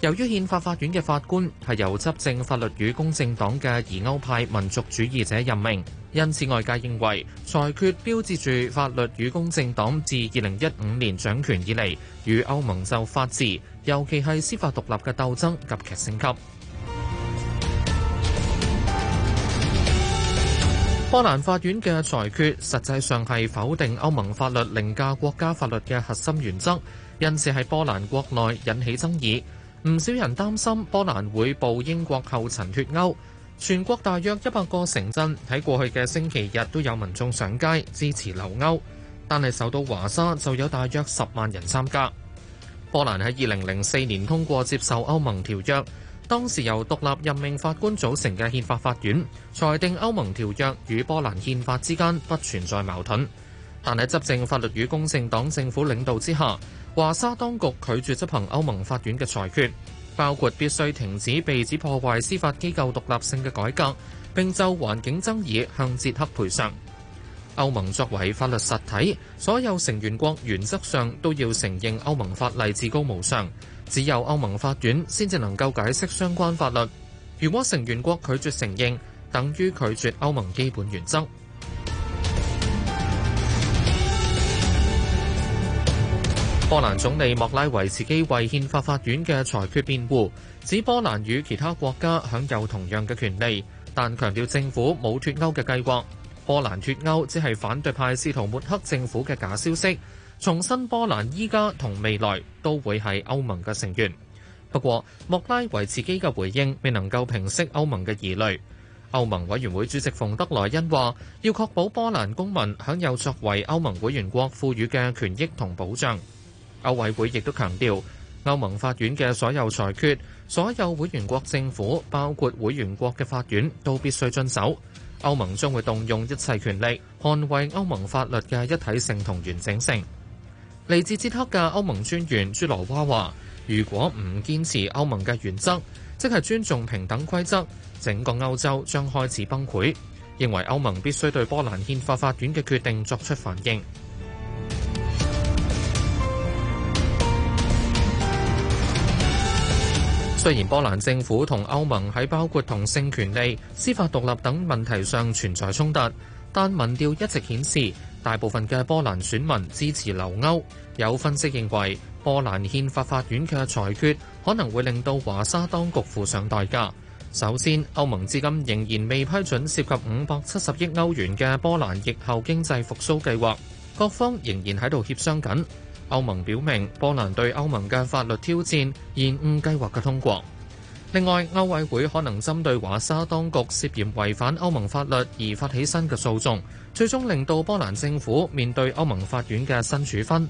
由於憲法法院嘅法官係由執政法律與公正黨嘅疑歐派民族主義者任命，因此外界認為裁決標誌住法律與公正黨自二零一五年掌權以嚟與歐盟就法治，尤其係司法獨立嘅鬥爭急劇升級。波蘭法院嘅裁決，實際上係否定歐盟法律凌駕國家法律嘅核心原則，因此喺波蘭國內引起爭議。唔少人擔心波蘭會步英國後塵脱歐。全國大約一百個城鎮喺過去嘅星期日都有民眾上街支持留歐，但係首都華沙就有大約十萬人參加。波蘭喺二零零四年通過接受歐盟條約。當時由獨立任命法官組成嘅憲法法院裁定歐盟條約與波蘭憲法之間不存在矛盾，但喺執政法律與公正黨政府領導之下，華沙當局拒絕執執行歐盟法院嘅裁決，包括必須停止被指破壞司法機構獨立性嘅改革，並就環境爭議向捷克賠償。歐盟作為法律實體，所有成員國原則上都要承認歐盟法例至高無上。只有歐盟法院先至能夠解釋相關法律。如果成員國拒絕承認，等於拒絕歐盟基本原則。 波蘭總理莫拉維茨基為憲法法院嘅裁決辯護，指波蘭與其他國家享有同樣嘅權利，但強調政府冇脫歐嘅計劃。波蘭脫歐只係反對派試圖抹黑政府嘅假消息。重新波蘭依家同未來都會係歐盟嘅成員。不過莫拉維茨基嘅回應未能夠平息歐盟嘅疑慮。歐盟委員會主席馮德萊恩話要確保波蘭公民享有作為歐盟會員國賦予嘅權益同保障。歐委會亦都強調歐盟法院嘅所有裁決，所有會員國政府，包括會員國嘅法院，都必須遵守。歐盟將會動用一切權力捍衛歐盟法律嘅一體性同完整性。嚟自捷克嘅歐盟專員朱羅娃話，如果唔堅持歐盟嘅原則，即係尊重平等規則，整個歐洲將開始崩潰。認為歐盟必須對波蘭憲法法院嘅決定作出反應。 雖然波蘭政府同歐盟喺包括同性權利、司法獨立等問題上存在衝突，但民調一直顯示，大部分嘅波蘭選民支持留歐，有分析認為波蘭憲法法院嘅裁決可能會令到華沙當局付上代價。首先，歐盟至今仍然未批准涉及五百七十億歐元嘅波蘭疫後經濟復甦計劃，各方仍然喺度協商緊。歐盟表明波蘭對歐盟嘅法律挑戰延誤計劃嘅通過。另外，歐委會可能針對華沙當局涉嫌違反歐盟法律而發起新嘅訴訟。最終令到波蘭政府面對歐盟法院嘅新處分，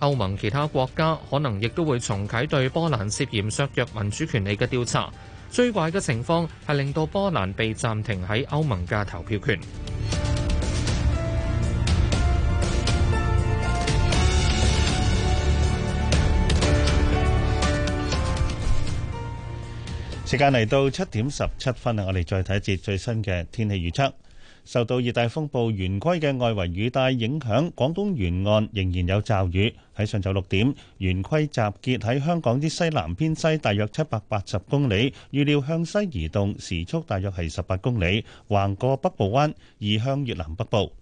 歐盟其他國家可能亦都會重啟對波蘭涉嫌削弱民主權利嘅調查。最壞嘅情況係令到波蘭被暫停喺歐盟嘅投票權。時間嚟到七點十七分啦，我哋再睇一節最新嘅天氣預測。受到熱帶風暴圓規嘅外圍雨帶影響，廣東沿岸仍然有驟雨。喺上晝六點，圓規集結喺香港之西南偏西，大約七百八十公里，預料向西移動，時速大約係十八公里，橫過北部灣，移向越南北部。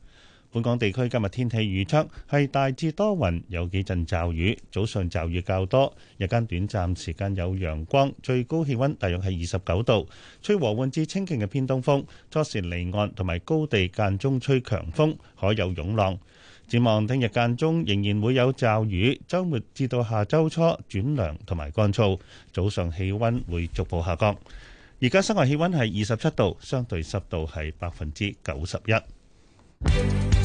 本港地區今日天氣預測係大致多雲，有幾陣驟雨，早上驟雨較多，日間短暫時間有陽光，最高氣溫大約係二十九度，吹和緩至清勁嘅偏東風，初時離岸同埋高地間中吹強風，海有湧浪。展望聽日間中仍然會有驟雨，周末至到下周初轉涼同埋乾燥，早上氣溫會逐步下降。而家室外氣溫係二十七度，相對濕度係百分之九十一。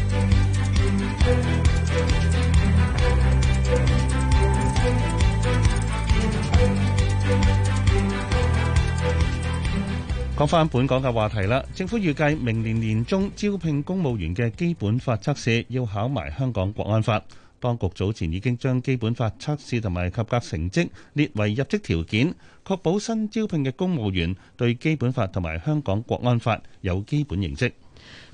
講翻本港嘅話題啦。政府預計明年年中招聘公務員嘅基本法測試要考埋香港國安法。當局早前已經將基本法測試同埋及格成績列為入職條件，確保新招聘嘅公務員對基本法同埋香港國安法有基本認識。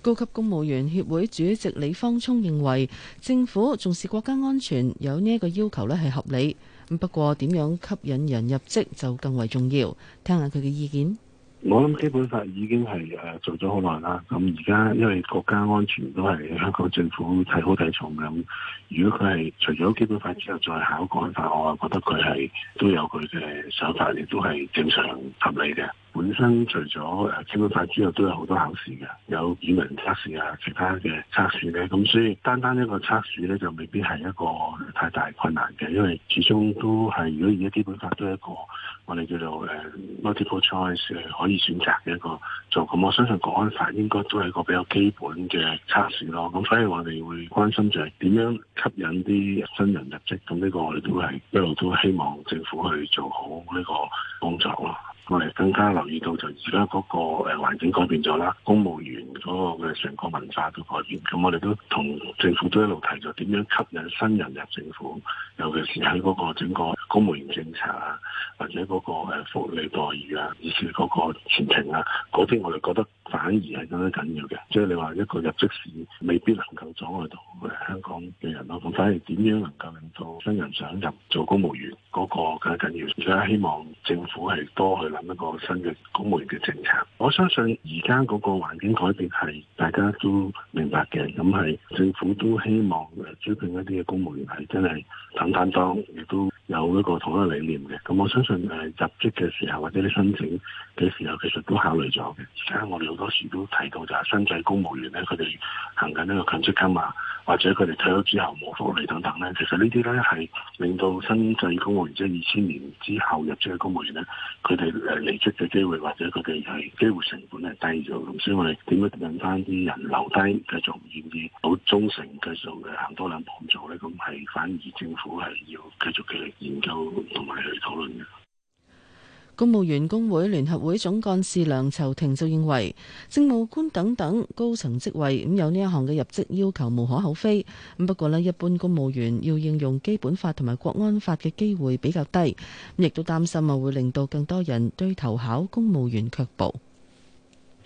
高級公務員協會主席李芳沖認為，政府重視國家安全有呢一個要求咧，係合理咁，不過點樣吸引人入職就更為重要。聽下佢嘅意見。我諗基本法已經係誒做咗好耐啦，咁而家因為國家安全都係香港政府睇好睇重，咁如果佢係除咗基本法之後再考國安法，我啊覺得佢係都有佢嘅想法，亦都係正常合理嘅。本身除咗《基本法》之外，都有好多考試嘅，有語文測試啊，其他嘅測試嘅，咁所以單單一個測試咧，就未必係一個太大困難嘅，因為始終都係如果而家《基本法》都係一個我哋叫做誒 multiple choice 可以選擇嘅一個做，咁我相信《國安法》應該都係一個比較基本嘅測試咯，咁所以我哋會關心住點樣吸引啲新人入職，咁呢個我哋都係一路都希望政府去做好呢個工作咯。我哋更加留意到，就而家嗰個誒環境改變咗啦，公務員嗰個嘅成個文化都改變。咁我哋都同政府都一路提咗點樣吸引新人入政府，尤其是喺嗰個整個公務員政策啊，或者嗰個福利待遇啊，以及嗰個前程啊，嗰啲我哋覺得反而係更加緊要嘅。即係你話一個入職時未必能夠阻礙到香港嘅人咯，咁反而點樣能夠令到新人想入做公務員嗰個更加緊要。而家希望政府係多去。一個新嘅公務員嘅政策，我相信而家嗰個環境改變係大家都明白嘅，咁係政府都希望招聘一啲嘅公務員係真係肯擔當，亦都有一個同一個理念嘅。咁我相信誒、呃、入職嘅時候或者你申請嘅時候，其實都考慮咗嘅。而家我哋好多時都提到就係新制公務員咧，佢哋行緊呢個強積金啊，或者佢哋退休之後冇福利等等咧，其實呢啲咧係令到新制公務員即係二千年之後入職嘅公務員咧，佢哋。誒、離職嘅機會，或者佢哋係機會成本係低咗，咁所以我哋點樣引翻啲人留低，繼續願意好忠誠，繼續嘅行多兩步做咧，咁係反而政府係要繼續嘅研究同埋去討論嘅。公務員工會聯合會總幹事梁籌庭就認為，政務官等等高層職位，咁有呢一項嘅入職要求無可厚非。咁不過呢，一般公務員要應用基本法同埋國安法嘅機會比較低，亦都擔心啊會令到更多人對投考公務員卻步。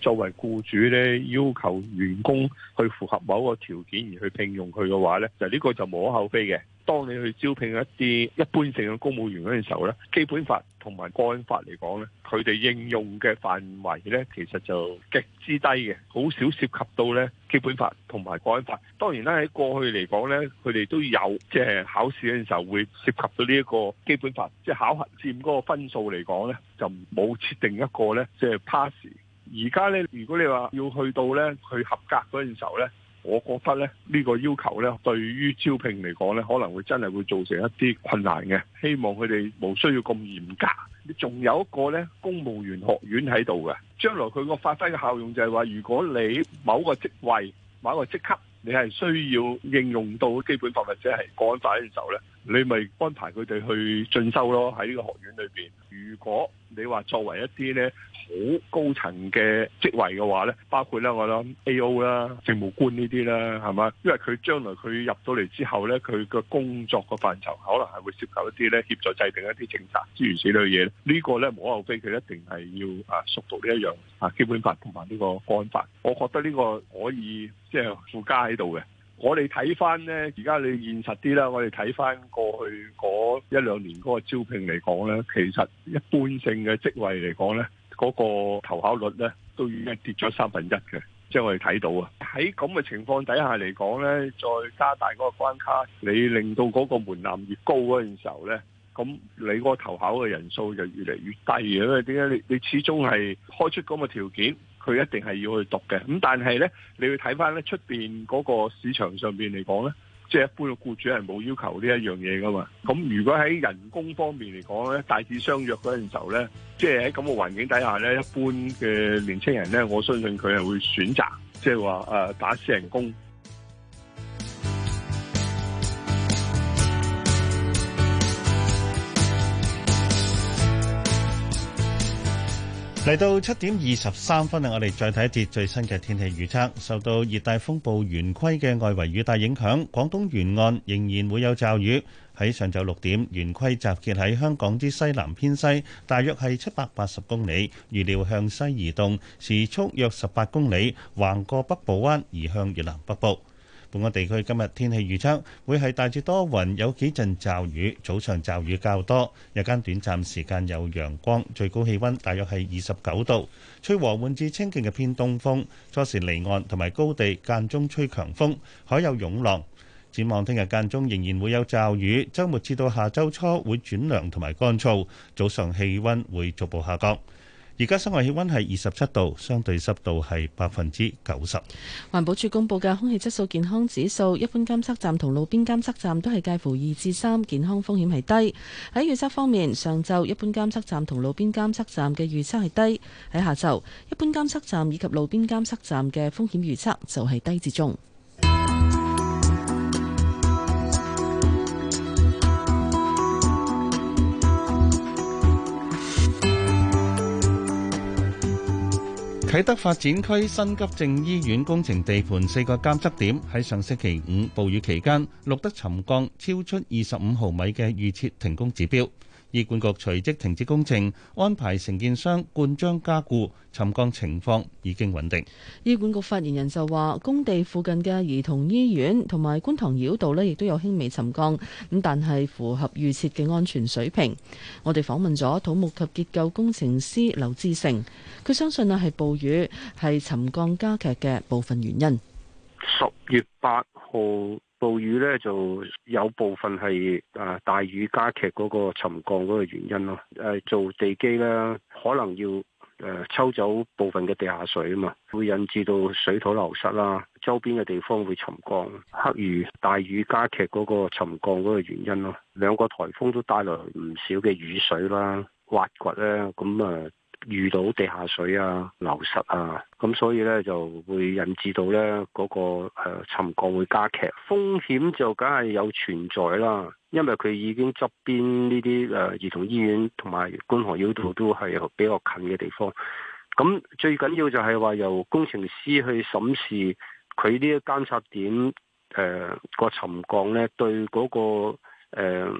作為僱主咧，要求員工去符合某一個條件而去聘用佢嘅話咧，就、這、呢個就無可厚非嘅。當你去招聘一啲一般性嘅公務員嗰陣時候咧，基本法同埋《國安法》嚟講咧，佢哋應用嘅範圍咧，其實就極之低嘅，好少涉及到咧基本法同埋《國安法》。當然啦，喺過去嚟講咧，佢哋都有即係、就是、考試嗰陣時候會涉及到呢一個基本法，即、就、係、是、考核佔嗰個分數嚟講咧，就冇設定一個咧，即、就、係、是、pass。而家咧，如果你話要去到咧，去合格嗰陣時候咧，我覺得咧呢個要求咧，對於招聘嚟講咧，可能會真係會造成一啲困難嘅。希望佢哋冇需要咁嚴格。你仲有一個咧，公務員學院喺度嘅，將來佢個發揮嘅效用就係話，如果你某個職位、某個職級，你係需要應用到基本法或者係國安法嘅時候咧，你咪安排佢哋去進修咯，喺呢個學院裏邊。如果你話作為一啲咧，好高層嘅職位嘅話咧，包括咧我諗 A.O. 啦、政務官呢啲啦，係嘛？因為佢將來佢入到嚟之後咧，佢嘅工作嘅範疇可能係會涉及一啲咧協助制定一啲政策諸如此類嘅嘢。這個、呢個咧無可厚非，佢一定係要啊熟讀呢一樣啊基本法同埋呢個國安法。我覺得呢個可以即係附加喺度嘅。我哋睇翻咧，而家你現實啲啦，我哋睇翻過去嗰一兩年嗰個招聘嚟講咧，其實一般性嘅職位嚟講咧。嗰個投考率咧，都已經跌咗三分一嘅，即係我哋睇到啊！喺咁嘅情況底下嚟講咧，再加大嗰個關卡，你令到嗰個門檻越高嗰陣時候咧，咁你嗰個投考嘅人數就越嚟越低啊！因為點解你你始終係開出咁嘅條件，佢一定係要去讀嘅。咁但係咧，你要睇翻咧，出邊嗰個市場上邊嚟講咧。即係一般嘅僱主係冇要求呢一樣嘢噶嘛，咁如果喺人工方面嚟講咧，大致相約嗰陣時候咧，即係喺咁個環境底下咧，一般嘅年青人咧，我相信佢係會選擇，即係話誒打私人工。嚟到七點二十三分啊！我哋再睇一節最新嘅天氣預測。受到熱帶風暴圓規嘅外圍雨帶影響，廣東沿岸仍然會有驟雨。喺上晝六點，圓規集結喺香港之西南偏西，大約係七百八十公里，預料向西移動，時速約十八公里，橫過北部灣移向越南北部。本港地區今日天氣預測會係大致多雲，有幾陣驟雨，早上驟雨較多，日間短暫時間有陽光，最高氣溫大約係二十九度，吹和緩至清勁嘅偏東風，初時離岸同埋高地間中吹強風，海有湧浪。展望聽日間中仍然會有驟雨，周末至到下周初會轉涼同埋乾燥，早上氣溫會逐步下降。而家室外氣温係二十七度，相對濕度係百分之九十。環保署公布嘅空氣質素健康指數，一般監測站同路邊監測站都係介乎二至三，健康風險係低。喺預測方面，上晝一般監測站同路邊監測站嘅預測係低；喺下晝，一般監測站以及路邊監測站嘅風險預測就係低至中。啟德發展區新急症醫院工程地盤四個監測點，喺上星期五暴雨期間錄得沉降超出二十五毫米嘅預設停工指標。醫管局隨即停止工程，安排承建商灌漿加固，沉降情況已經穩定。醫管局發言人就話，工地附近嘅兒童醫院同埋觀塘繞道呢亦都有輕微沉降，咁但係符合預設嘅安全水平。我哋訪問咗土木及結構工程師劉志成，佢相信啊係暴雨，係沉降加劇嘅部分原因。十月八號。暴雨咧就有部分係啊大雨加劇嗰個沉降嗰個原因咯，誒做地基咧可能要誒抽走部分嘅地下水啊嘛，會引致到水土流失啦，周邊嘅地方會沉降，黑雨大雨加劇嗰個沉降嗰個原因咯，兩個颱風都帶來唔少嘅雨水啦，滑挖掘咧咁啊。遇到地下水啊、流失啊，咁所以呢就會引致到呢嗰、嗰個、呃、沉降會加劇，風險就梗係有存在啦。因為佢已經側邊呢啲誒兒童醫院同埋觀塘繞道呢度都係比較近嘅地方。咁最緊要就係話由工程師去審視佢呢一監察點誒、呃嗰個沉降呢對嗰、嗰個、呃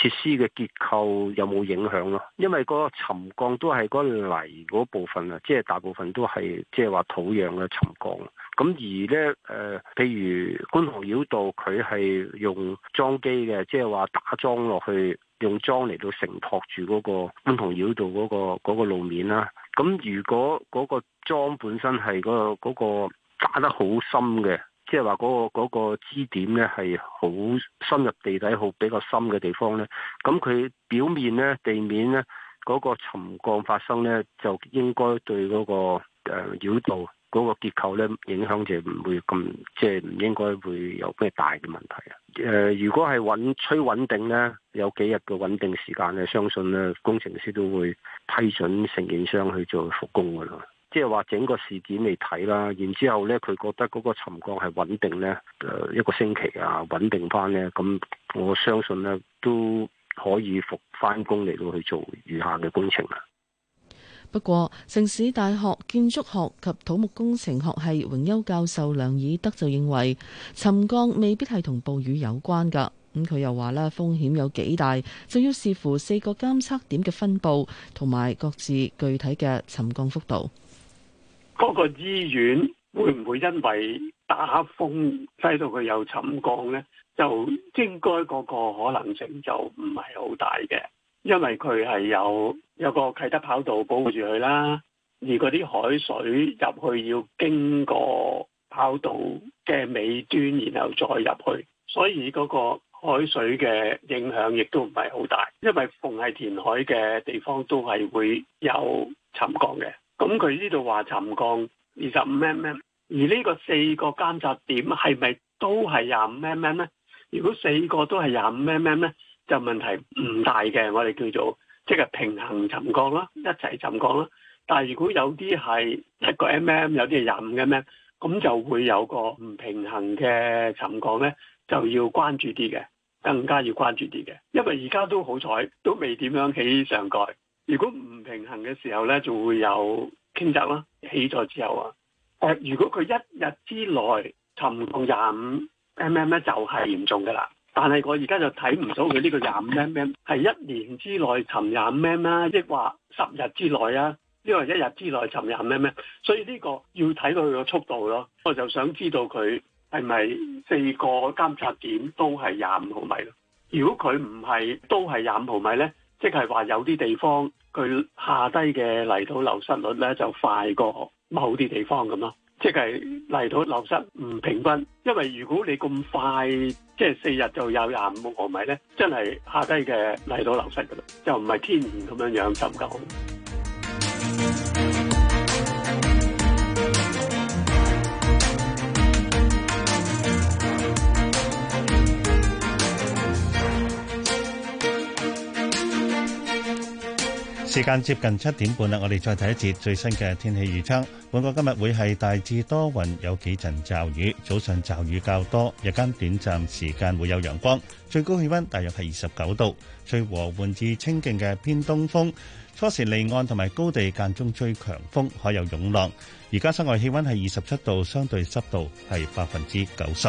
設施嘅結構有冇影響咯？因為個沉降都係個泥嗰部分啊，即、就、係、是、大部分都係即係話土壤嘅沉降。咁而呢，誒、呃，譬如觀塘繞道，佢係用樁基嘅，即係話打樁落去，用樁嚟到承托住嗰個觀塘繞道嗰、那個那個路面啦。咁如果嗰個樁本身係嗰、那個嗰、那個、打得好深嘅。即係話嗰個支、那個、點咧係好深入地底好比較深嘅地方咧，咁佢表面咧地面咧嗰、那個沉降發生咧，就應該對嗰、那個誒繞、呃、道嗰個結構咧影響就唔會咁，即係唔應該會有咩大嘅問題啊！誒、呃，如果係穩趨穩定咧，有幾日嘅穩定時間咧，相信咧工程師都會批准承建商去做復工噶啦。即係話整個事件嚟睇啦，然之後咧，佢覺得嗰個沉降係穩定呢，誒一個星期啊，穩定翻呢。咁我相信呢都可以復翻工嚟到去做餘下嘅工程啦。不過，城市大學建築學及土木工程學系榮休教授梁以德就認為，沉降未必係同暴雨有關噶。咁佢又話啦，風險有幾大，就要視乎四個監測點嘅分布同埋各自具體嘅沉降幅度。嗰個醫院會唔會因為打風，使到佢有沉降呢？就應該嗰個可能性就唔係好大嘅，因為佢係有有個啟德跑道保護住佢啦。而嗰啲海水入去要經過跑道嘅尾端，然後再入去，所以嗰個海水嘅影響亦都唔係好大，因為逢係填海嘅地方都係會有沉降嘅。咁佢呢度話沉降二十五 mm，而呢個四個監察點係咪都係廿五 mm 咧？如果四個都係廿五 mm 咧，就問題唔大嘅，我哋叫做即係平衡沉降啦，一齊沉降啦。但係如果有啲係一個 mm，有啲係廿五 mm，咁就會有個唔平衡嘅沉降咧，就要關注啲嘅，更加要關注啲嘅，因為而家都好彩，都未點樣起上蓋。如果唔平衡嘅時候呢，就會有傾側咯。起咗之後啊，呃、如果佢一日之內沉降廿五 mm 呢，就係嚴重噶啦。但係我而家就睇唔到佢呢個廿五 mm 係一年之內沉廿五 mm 啦，啊，抑或十日之內啊，呢，這個係一日之內沉廿五 mm，所以呢個要睇到佢個速度咯。我就想知道佢係咪四個監察點都係廿五毫米咯？如果佢唔係都係廿五毫米呢？即係話有啲地方佢下低嘅泥土流失率呢，就快過某啲地方咁咯，即係泥土流失唔平均。因為如果你咁快，即係四日就有廿五毫米呢，真係下低嘅泥土流失噶啦，就唔係天然咁樣樣尋求。時間接近七點半啦，我哋再睇一節最新嘅天氣預測。本港今日會係大致多雲，有幾陣驟雨，早上驟雨較多，日間短暫時間會有陽光，最高氣溫大約係二十九度，吹和緩至清勁嘅偏東風，初時離岸同埋高地間中吹強風，可有湧浪。而家室外氣溫係二十七度，相對濕度係百分之九十。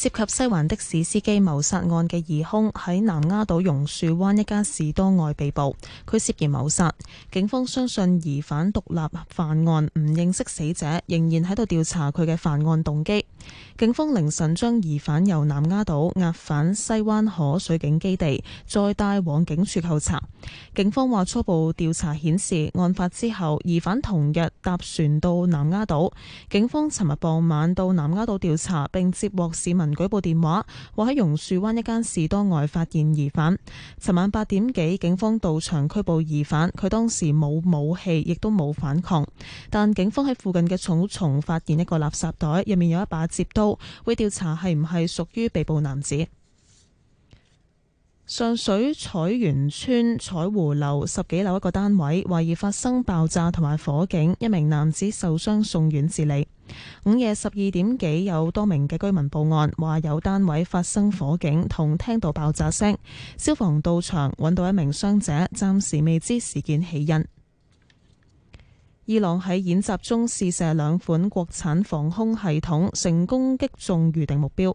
涉及西環的士司機謀殺案嘅疑兇喺南丫島榕樹灣一家士多外被捕，佢涉嫌謀殺。警方相信疑犯獨立犯案，唔認識死者，仍然喺度調查佢嘅犯案動機。警方凌晨將疑犯由南丫島押返西灣河水警基地，再帶往警署扣查。警方話初步調查顯示，案發之後疑犯同日搭船到南丫島。警方尋日傍晚到南丫島調查並接獲市民。舉報電話話喺榕樹灣一間士多外發現疑犯，尋晚八點幾警方到場拘捕疑犯，佢當時冇武器亦都冇反抗，但警方喺附近嘅草叢發現一個垃圾袋，入面有一把折刀，會調查係唔係屬於被捕男子。上水彩園村彩湖樓十幾樓一個單位懷疑發生爆炸同埋火警，一名男子受傷送院治理。午夜十二點幾有多名嘅居民報案，話有單位發生火警同聽到爆炸聲。消防到場揾到一名傷者，暫時未知事件起因。伊朗喺演習中試射兩款國產防空系統，成功擊中預定目標。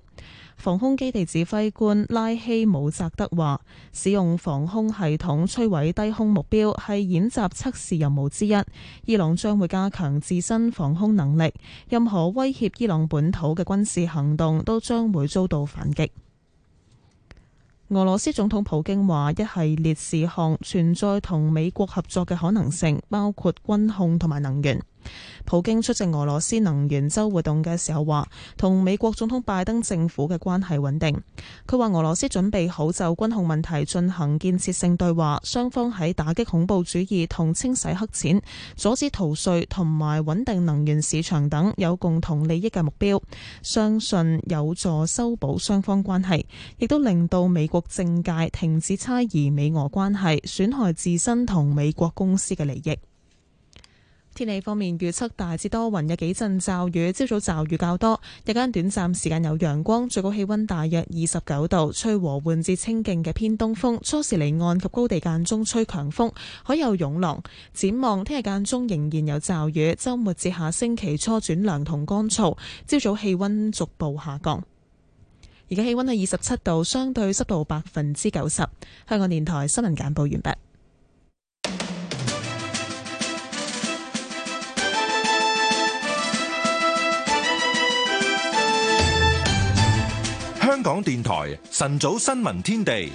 防空基地指揮官拉希姆澤德話，使用防空系統摧毀低空目標係演習測試任務之一。伊朗將會加強自身防空能力，任何威脅伊朗本土嘅軍事行動都將會遭到反擊。俄羅斯總統普京話，一系列事項存在同美國合作嘅可能性，包括軍控同埋能源。普京出席俄羅斯能源周活動嘅時候話，同美國總統拜登政府嘅關係穩定。佢話俄羅斯準備好就軍控問題進行建設性對話，雙方喺打擊恐怖主義同清洗黑錢、阻止逃稅同埋穩定能源市場等有共同利益嘅目標，相信有助修補雙方關係，亦都令到美國政界停止猜疑美俄關係損害自身同美國公司嘅利益。天氣方面預測大致多雲，有幾陣驟雨，朝早驟雨較多，日間短暫時間有陽光，最高氣温大約二十九度，吹和緩至清勁嘅偏東風，初時離岸及高地間中吹強風，可有湧浪。展望聽日間中仍然有驟雨，周末至下星期初轉涼同乾燥，朝早氣温逐步下降。而家氣温係二十七度，相對濕度百分之九十。香港電台新聞簡報完畢。香港電台晨早新聞天地，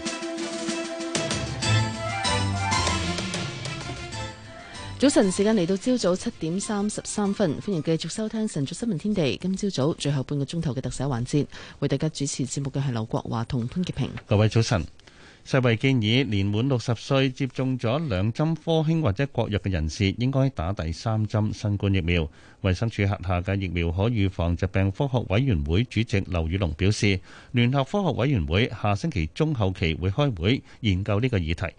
早晨時間嚟到朝早七點三十三分，歡迎繼續收聽晨早新聞天地。今朝早，早最後半個鐘頭嘅特首環節，為大家主持節目嘅係劉國華同潘潔平。各位早晨。世衛建議，年滿六十歲接種咗兩針科興或者國藥嘅人士，應該打第三針新冠疫苗。衛生署轄下嘅疫苗可預防疾病科學委員會主席劉宇龍表示，聯合科學委員會下星期中後期會開會研究呢個議題。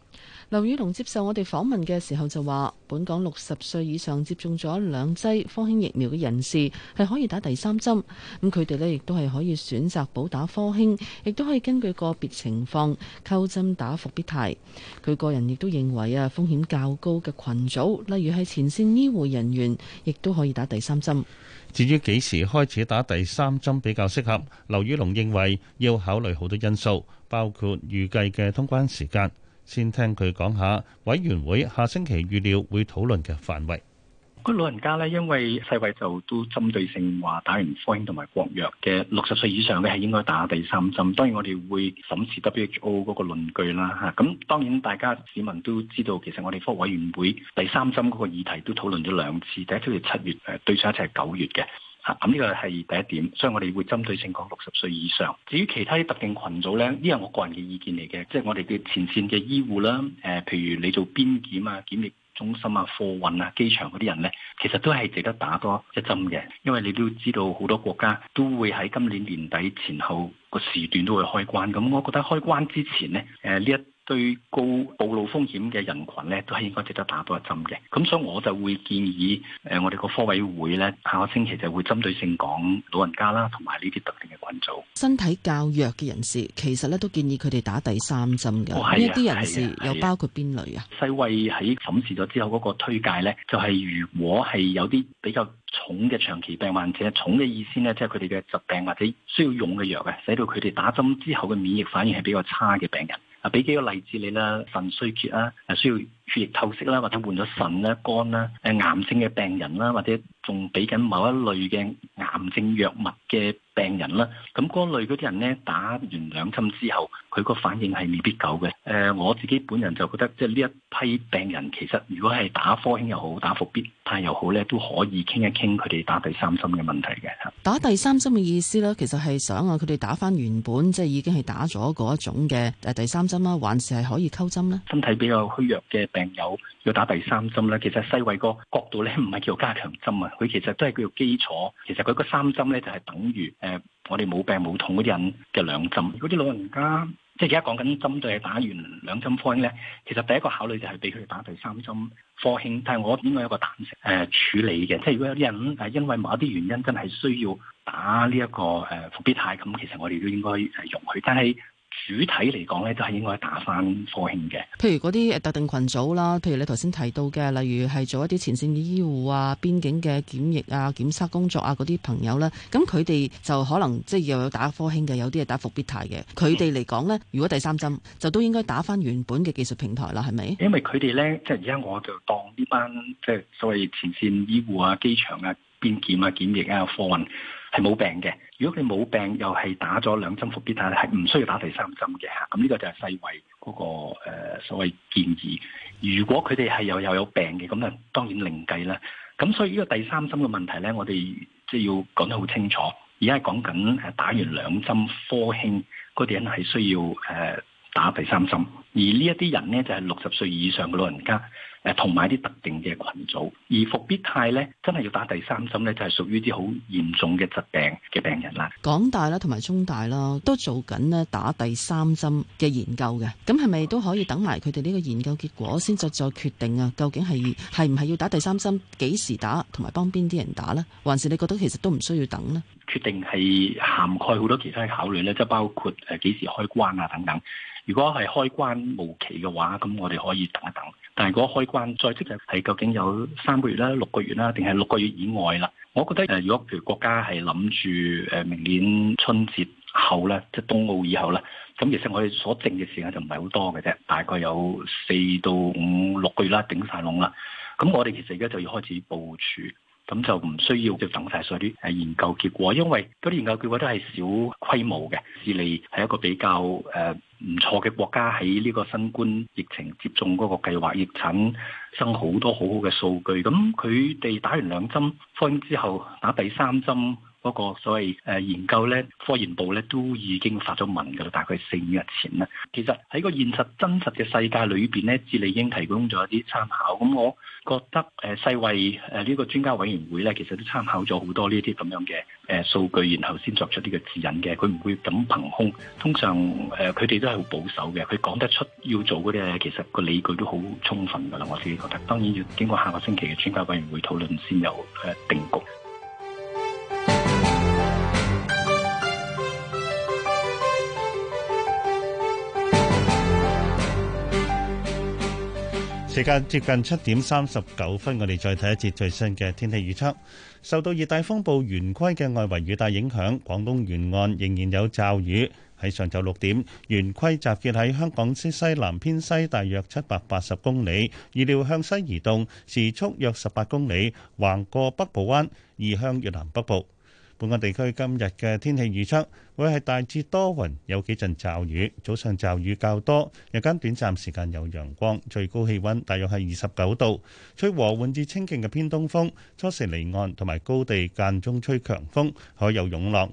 劉宇龍接受我哋訪問嘅時候就話，本港六十歲以上接種咗兩劑科興疫苗嘅人士係可以打第三針。咁佢哋呢亦都係可以選擇補打科興，亦都可以根據個別情況溝針，打復必泰。佢個人亦都認為啊，風險較高嘅群組，例如係前線醫護人員，亦都可以打第三針。至於幾時開始打第三針比較適合，劉宇龍認為要考慮好多因素，包括預計嘅通關時間。先聽佢講下委員會下星期預料會討論嘅範圍。嗰老人家呢，因為世衛就都針對性話打完科興同埋國藥嘅六十歲以上嘅係應該打第三針。當然我哋會審視 WHO 嗰個論據啦。吓， 咁當然大家市民都知道，其實我哋科學委員會第三針嗰個議題都討論咗兩次，第一次係七月，誒對上一次係九月嘅。咁呢個係第一點，所以我哋會針對性講六十歲以上。至於其他特定群組呢，呢係我個人嘅意見嚟嘅，即係我哋嘅前線嘅醫護啦，誒，譬如你做邊檢啊、檢疫中心啊、貨運啊、機場嗰啲人呢，其實都係值得打多一針嘅，因為你都知道好多國家都會喺今年年底前後個時段都會開關，咁我覺得開關之前咧，誒呢一。對高暴露風險嘅人群咧，都係應該值得打多一針嘅。咁所以我就會建議，誒、呃、我哋個科委會咧，下個星期就會針對性講老人家啦，同埋呢啲特定嘅群組。身體較弱嘅人士，其實咧都建議佢哋打第三針嘅。一啲、哦、人士又包括邊類啊？世衛喺審視咗之後嗰個推介咧，就係、是、如果係有啲比較重嘅長期病患者，重嘅意思咧，即係佢哋嘅疾病或者需要用嘅藥咧，使到佢哋打針之後嘅免疫反應係比較差嘅病人。啊！俾幾個例子你啦，腎衰竭啊，啊需要，血液透析啦，或者換咗腎啦、肝啦、誒癌症嘅病人啦，或者仲俾緊某一類嘅癌症藥物嘅病人啦，咁嗰類嗰啲人咧打完兩針之後，佢個反應係未必夠嘅。誒，我自己本人就覺得，即係呢一批病人其實如果係打科興又好，打復必泰又好咧，都可以傾一傾佢哋打第三針嘅問題嘅。打第三針嘅意思咧，其實係想啊，佢哋打翻原本即係已經係打咗嗰一種嘅誒第三針啦，還是係可以溝針呢？身體比較虛弱嘅。病友要打第三針咧，其實世衛嘅角度咧，唔係叫加強針啊，佢其實都係叫做基礎。其實佢個三針咧，就係等於誒我哋冇病冇痛嗰啲人嘅兩針。如果啲老人家即係而家講緊針對係打完兩針科興咧，其實第一個考慮就係俾佢哋打第三針科興，但係我應該有個彈性誒處理嘅。即係如果有啲人誒因為某啲原因真係需要打呢一個誒復必泰咁，其實我哋都應該係容許。但係主體嚟講咧，都係應該打返科興嘅。譬如嗰啲誒特定群組啦，譬如你頭先提到嘅，例如係做一啲前線嘅醫護啊、邊境嘅檢疫啊、檢測工作啊嗰啲朋友啦，咁佢哋就可能即係、就是、又有打科興嘅，有啲係打復必泰嘅。佢哋嚟講咧，如果第三針就都應該打返原本嘅技術平台啦，係咪？因為佢哋咧，即係而家我就當呢班即係所謂前線醫護啊、機場啊、邊檢啊、檢疫啊、貨運。係冇病嘅，如果佢冇病，又係打咗兩針復必泰，係唔需要打第三針嘅。咁呢個就係世衞嗰、那個、呃、所謂建議。如果佢哋係又又有病嘅，咁啊當然另計啦。咁所以呢個第三針嘅問題咧，我哋即係要講得好清楚。而家講緊誒打完兩針、嗯、科興嗰啲人係需要誒、呃、打第三針，而呢一啲人咧就係六十歲以上嘅老人家。誒，同埋啲特定嘅群組，而復必泰咧，真係要打第三針咧，就係屬於啲好嚴重嘅疾病嘅病人啦。港大啦，同埋中大啦，都做緊咧打第三針嘅研究嘅。咁係咪都可以等埋佢哋呢個研究結果先就再決定啊？究竟係係唔係要打第三針？幾時打？同埋幫邊啲人打呢？還是你覺得其實都唔需要等呢？決定係涵蓋好多其他考慮咧，即係包括誒幾時開關啊等等。如果係開關無期嘅話，咁我哋可以等一等。但係嗰個開關再即係係究竟有三個月啦、六個月啦，定係六個月以外啦？我覺得誒，如果譬如國家係諗住誒明年春節後咧，即係冬奧以後咧，咁其實我哋所剩嘅時間就唔係好多嘅啫，大概有四到五六個月啦，頂晒籠啦。咁我哋其實而家就要開始部署。咁就唔需要要等晒嗰啲誒研究結果，因為嗰啲研究結果都係小規模嘅，智利係一個比較誒唔錯嘅國家喺呢個新冠疫情接種嗰個計劃，亦產生好多好好嘅數據。咁佢哋打完兩針 vaccine 之後，打第三針。嗰個所謂誒研究咧，科研部咧都已經發咗文㗎喇，大概四五日前啦。其實喺個現實真實嘅世界裏邊咧，亦已經提供咗一啲參考。咁我覺得誒世衞誒呢個專家委員會咧，其實都參考咗好多呢啲咁樣嘅誒數據，然後先作出呢個指引嘅。佢唔會咁憑空。通常誒佢哋都係好保守嘅，佢講得出要做嗰啲嘢，其實個理據都好充分㗎喇。我自己覺得，當然要經過下個星期嘅專家委員會討論先有誒定局。時間接近七點三十九分，我哋再睇一節最新嘅天氣預測。受到熱帶風暴圓規嘅外圍雨帶影響，廣東沿岸仍然有驟雨。喺上晝六點，圓規集結喺香港之西南偏西大約七百八十公里，預料向西移動，時速約十八公里，橫過北部灣，移向越南北部。本港地區今日嘅天氣預測會係大致多雲，有幾陣驟雨，早上驟雨較多，日間短暫時間有陽光，最高氣温大約係二十九度，吹和緩至清勁嘅偏東風，初時離岸同埋高地間中吹強風，海有湧浪。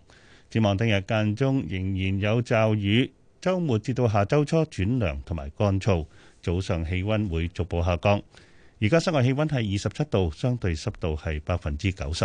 展望聽日間中仍然有驟雨，週末至到下週初轉涼同埋乾燥，早上氣温會逐步下降。而家室外氣温係二十七度，相對濕度係百分之九十。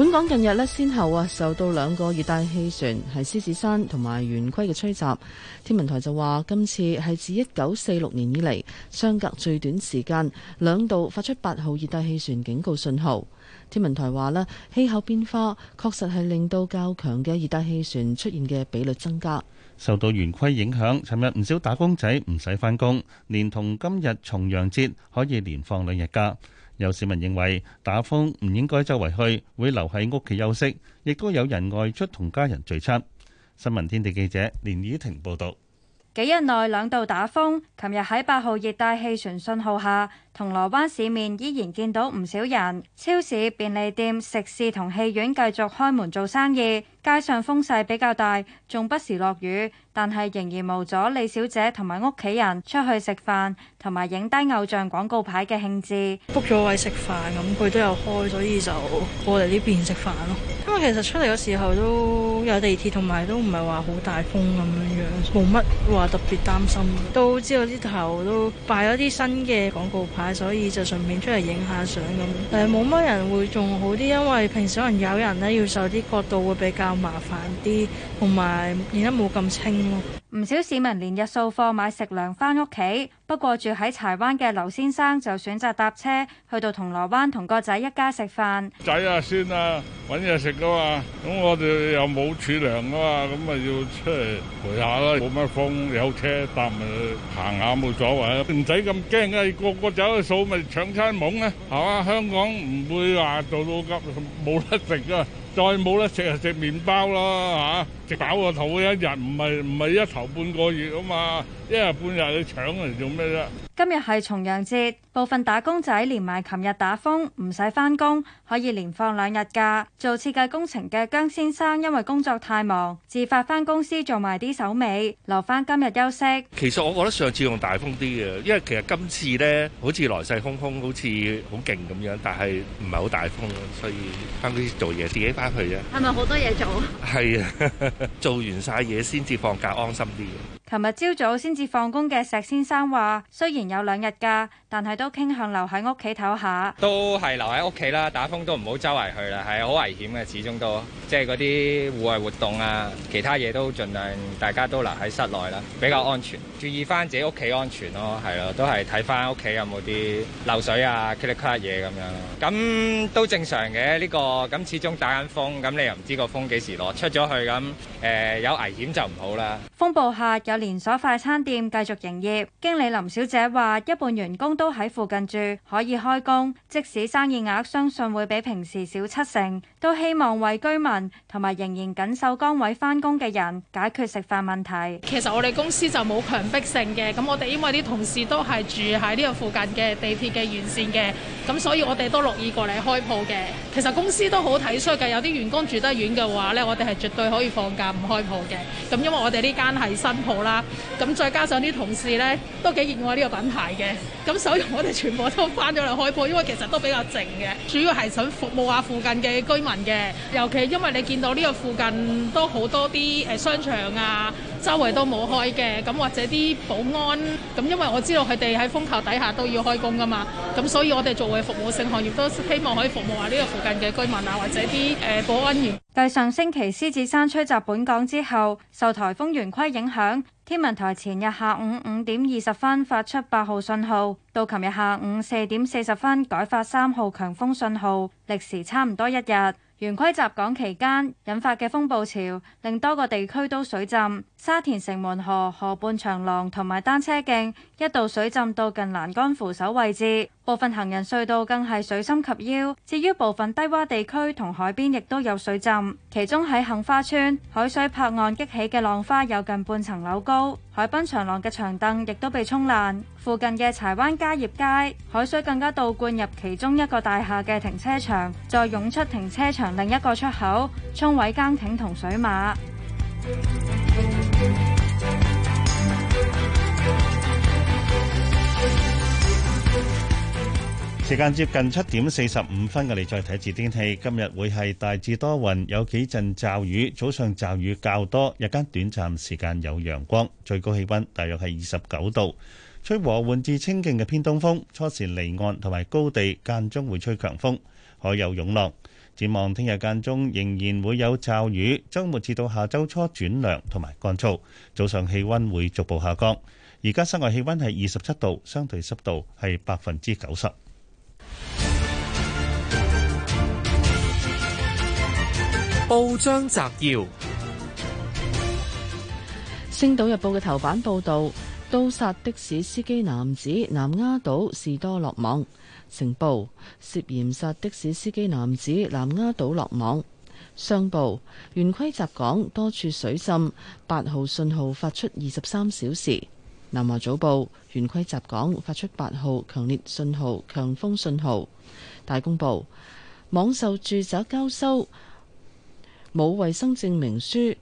本港近日呢先後啊受到兩個熱帶氣旋，係獅子山同埋圓規嘅吹襲，天文台就話今次係自一九四六年以嚟相隔最短時間兩度發出八號熱帶氣旋警告信號，天文台話咧，氣候變化確實係令到較強嘅熱帶氣旋出現嘅比率增加。受到圓規影響，尋日唔少打工仔唔使翻工，連同今日重陽節可以連放兩日假。有市民認為打風唔應該周圍去，會留喺屋企休息；亦都有人外出同家人聚餐。新聞天地記者連以婷報道。幾日內兩度打風，琴日喺八號熱帶氣旋信號下，銅鑼灣市面依然見到唔少人，超市、便利店、食肆同戲院繼續開門做生意。街上風勢比較大，仲不時落雨，但係仍然無阻李小姐同埋屋企人出去食飯同埋影低偶像廣告牌嘅興致。book 咗位食飯咁，佢都有開，所以就過嚟呢邊食飯咯。因為其實出嚟嘅時候都有地鐵，同埋都唔係話好大風咁樣樣，冇乜話特別擔心，都知道呢頭都擺咗啲新嘅廣告牌，所以就順便出嚟影下相咁。誒，冇乜人會仲好啲，因為平時可能有人咧要受啲角度會比較麻煩啲，同埋影得冇咁清咯。唔少市民連日掃貨買食糧翻屋企，不過住喺柴灣嘅劉先生就選擇搭車去到銅鑼灣同個仔一家食飯。仔啊孫啊，搵嘢食噶嘛，咁我哋又冇儲糧噶嘛，咁咪要出嚟陪下啦。冇乜風，有車搭咪行下冇所謂啊，唔使咁驚啊，個個走去掃咪搶餐懵啦，係嘛？香港唔會話做到急冇得食啊。再冇咧食就食麵包啦嚇，食飽個肚一日，唔係唔係一頭半個月啊嘛，一日半日你搶嚟做咩啫？今日係重陽節，部分打工仔連埋琴日打風，唔使翻工，可以連放兩日假。做設計工程嘅姜先生因為工作太忙，自發翻公司做埋啲手尾，留翻今日休息。其實我覺得上次仲大風啲嘅，因為其實今次呢好似來勢洶洶，好似好勁咁樣，但係唔係好大風，所以翻公司做嘢，自己翻去啫。係咪好多嘢做？係是啊， 做完晒嘢先至放假，安心啲。琴日朝早先至放工嘅石先生話，雖然有兩日假。但係都傾向留喺屋企唞下，都係留喺屋企啦。打風都唔好周圍去啦，係好危險嘅。始終都即係嗰啲戶外活動啊，其他嘢都盡量大家都留喺室內啦，比較安全。注意翻自己屋企安全咯，啊，係咯，都係睇翻屋企有冇啲漏水啊、磕嚟卡嘢咁樣。咁都正常嘅呢，呢個。咁始終打緊風，咁你又唔知個風幾時落出咗去，咁、呃、誒有危險就唔好啦。風暴下有連鎖快餐店繼續營業，經理林小姐話：一半員工。都喺附近住，可以開工，即使生意額相信會比平時少七成。都希望為居民同埋仍然緊守崗位返工嘅人解決食飯問題。其實我哋公司就冇強迫性嘅，咁我哋因為啲同事都係住喺呢個附近嘅地鐵嘅沿線嘅，咁所以我哋都樂意過嚟開鋪嘅。其實公司都好體恤嘅，有啲員工住得遠嘅話呢，我哋係絕對可以放假唔開鋪嘅。咁因為我哋呢間係新鋪啦，咁再加上啲同事呢都幾熱愛呢個品牌嘅，咁所以我哋全部都翻咗嚟開鋪，因為其實都比較靜嘅，主要係想服務下附近嘅居民。嘅，尤其因為你見到呢個附近都好多啲誒，商場啊，周圍都冇開嘅，咁或者啲保安咁，因為我知道佢哋喺風球底下都要開工噶嘛，咁所以我哋作為服務性行業都希望可以服務下呢個附近嘅居民啊，或者啲誒、呃、保安員。但係上星期獅子山吹襲本港之後，受颱風圓規影響。天文台前日下午五點二十分發出八號信號，到琴日下午四點四十分改發三號強風信號，歷時差唔多一日。圓規襲港期間引發嘅風暴潮，令多個地區都水浸，沙田城門河、河畔長廊同埋單車徑。一度水浸到近欄杆扶手位置，部分行人隧道更係水深及腰。至於部分低洼地區同海邊亦都有水浸，其中喺杏花村，海水拍岸激起嘅浪花有近半層樓高。海濱長廊嘅長凳亦都被沖爛。附近嘅柴灣嘉業街，海水更加倒灌入其中一個大廈嘅停車場，再湧出停車場另一個出口，沖毀更艇同水馬。時間接近七點四十五分嘅，我哋再睇次天氣。今日會係大致多雲，有幾陣驟雨，早上驟雨較多，日間短暫時間有陽光。最高氣溫大約係二十九度，吹和緩至清勁嘅偏東風。初時離岸同埋高地間中會吹強風，海有湧浪。展望聽日間中仍然會有驟雨，周末至到下周初轉涼同埋乾燥，早上氣温會逐步下降。而家室外氣温係二十七度，相對濕度係百分之九十。報章摘要：《星島日報》嘅頭版報道：刀殺的士司機男子南丫島士多落網。成報，涉嫌殺的士司機男子南丫島落網。商報：圓規襲港多處水浸，八號信號發出二十三小時。南華早報，圓規襲港發出八號強烈信號，強風信號。大公報，網售住宅交收冇衛生證明書，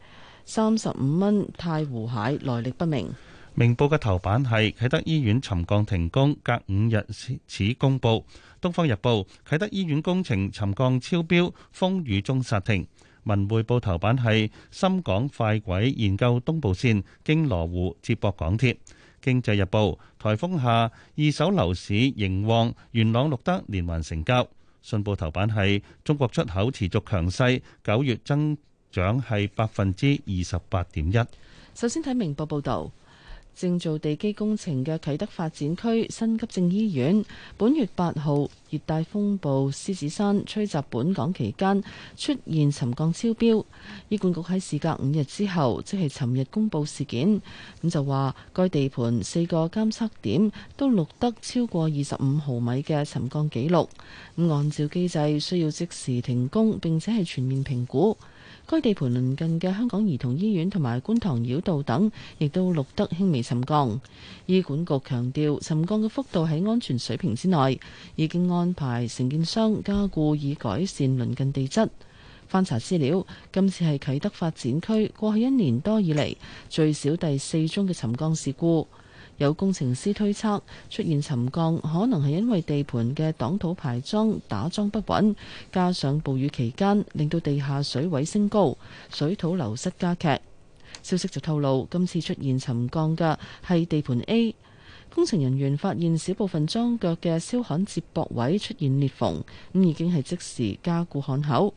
三十五蚊太湖蟹來歷不明。明報嘅頭版係啟德醫院沉降停工，隔五日始公布。東方日報，啟德醫院工程沉降超標，風雨中煞停。文匯報頭版係深港快軌研究東部線經羅湖接駁港鐵。經濟日報：颱風下二手樓市仍旺，元朗錄得連環成交。信報頭版係中國出口持續強勢，九月增長係百分之二十八點一。首先睇明報報道。正做地基工程嘅啟德發展區新急症醫院，本月八號熱帶風暴獅子山吹襲本港期間出現沉降超標，醫管局喺事隔五日之後，即係尋日公布事件，咁就話該地盤四個監測點都錄得超過二十五毫米嘅沉降紀錄，咁按照機制需要即時停工，並且係全面評估。該地盤鄰近嘅香港兒童醫院同埋觀塘繞道等，亦都錄得輕微沉降。醫管局強調，沉降嘅幅度喺安全水平之內，已經安排承建商加固以改善鄰近地質。翻查資料，今次係啟德發展區過去一年多以嚟最少第四宗嘅沉降事故。有工程師推測出現沉降可能係因為地盤嘅擋土排樁打樁不穩，加上暴雨期間令到地下水位升高，水土流失加劇。消息就透露，今次出現沉降嘅係地盤 A，工程人員發現少部分樁腳嘅燒焊接駁位出現裂縫，咁已經係即時加固焊口。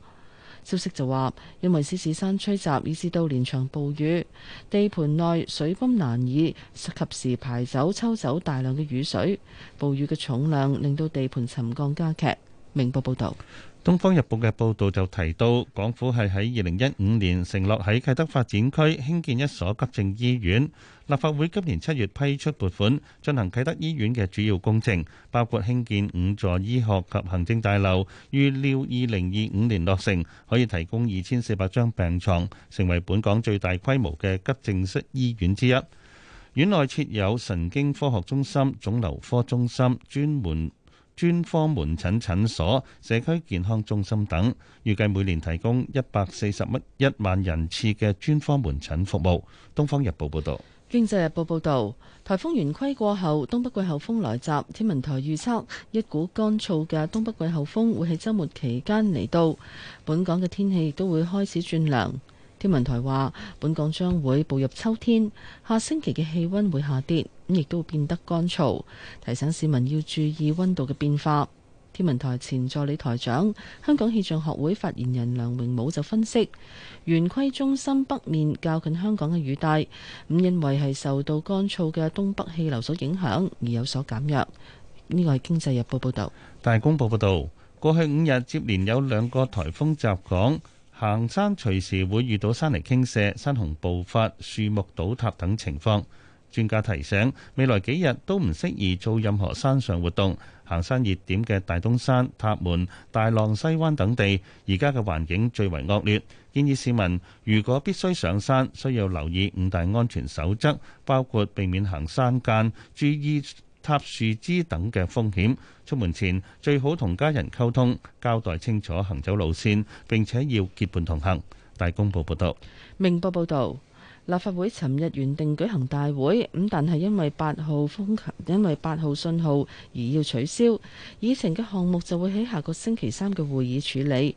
消息就話，因為獅子山吹襲以至到連場暴雨，地盤內水泵難以及時排走、抽走大量嘅雨水，暴雨嘅重量令到地盤沉降加劇。明報報道。《東方日報》嘅報道就提到，港府係喺二零一五年承諾喺啟德發展區興建一所急症醫院。立法會今年七月批出撥款，進行啟德醫院嘅主要工程，包括興建五座醫學及行政大樓。預料二零二五年落成，可以提供二千四百張病床，成為本港最大規模嘅急症室醫院之一。院內設有神經科學中心、腫瘤科中心，專門專科門診診所、社區健康中心等，預計每年提供一百四十蚊一萬人次嘅專科門診服務。《東方日報》報道。《經濟日報》報道，颱風圓規過後，東北季候風來襲，天文台預測一股乾燥嘅東北季候風會喺週末期間嚟到，本港嘅天氣亦都會開始轉涼。天文台話，本港將會步入秋天，下星期嘅氣温會下跌。亦都變得乾燥，提醒市民要注意温度嘅變化。天文台前助理台長、香港氣象學會發言人梁榮武就分析，圓規中心北面較近香港嘅雨帶，唔認為係受到乾燥嘅東北氣流所影響而有所減弱。呢個係《經濟日報》報導。大公報報導，過去五日接連有兩個颱風襲港，行山隨時會遇到山泥傾瀉、山洪暴發、樹木倒塌等情況。專家提醒，未來幾日都唔適宜做任何山上活動。行山熱點嘅大東山、塔門、大浪西灣等地，而家嘅環境最為惡劣。建議市民如果必須上山，需要留意五大安全守則，包括避免行山澗、注意塌樹枝等嘅風險。出門前最好同家人溝通，交代清楚行走路線，並且要結伴同行。大公報報道。明報報導。立法會尋日原定舉行大會，咁但係因為八號風球因為八號信號而要取消。議程嘅項目就會喺下個星期三嘅會議處理。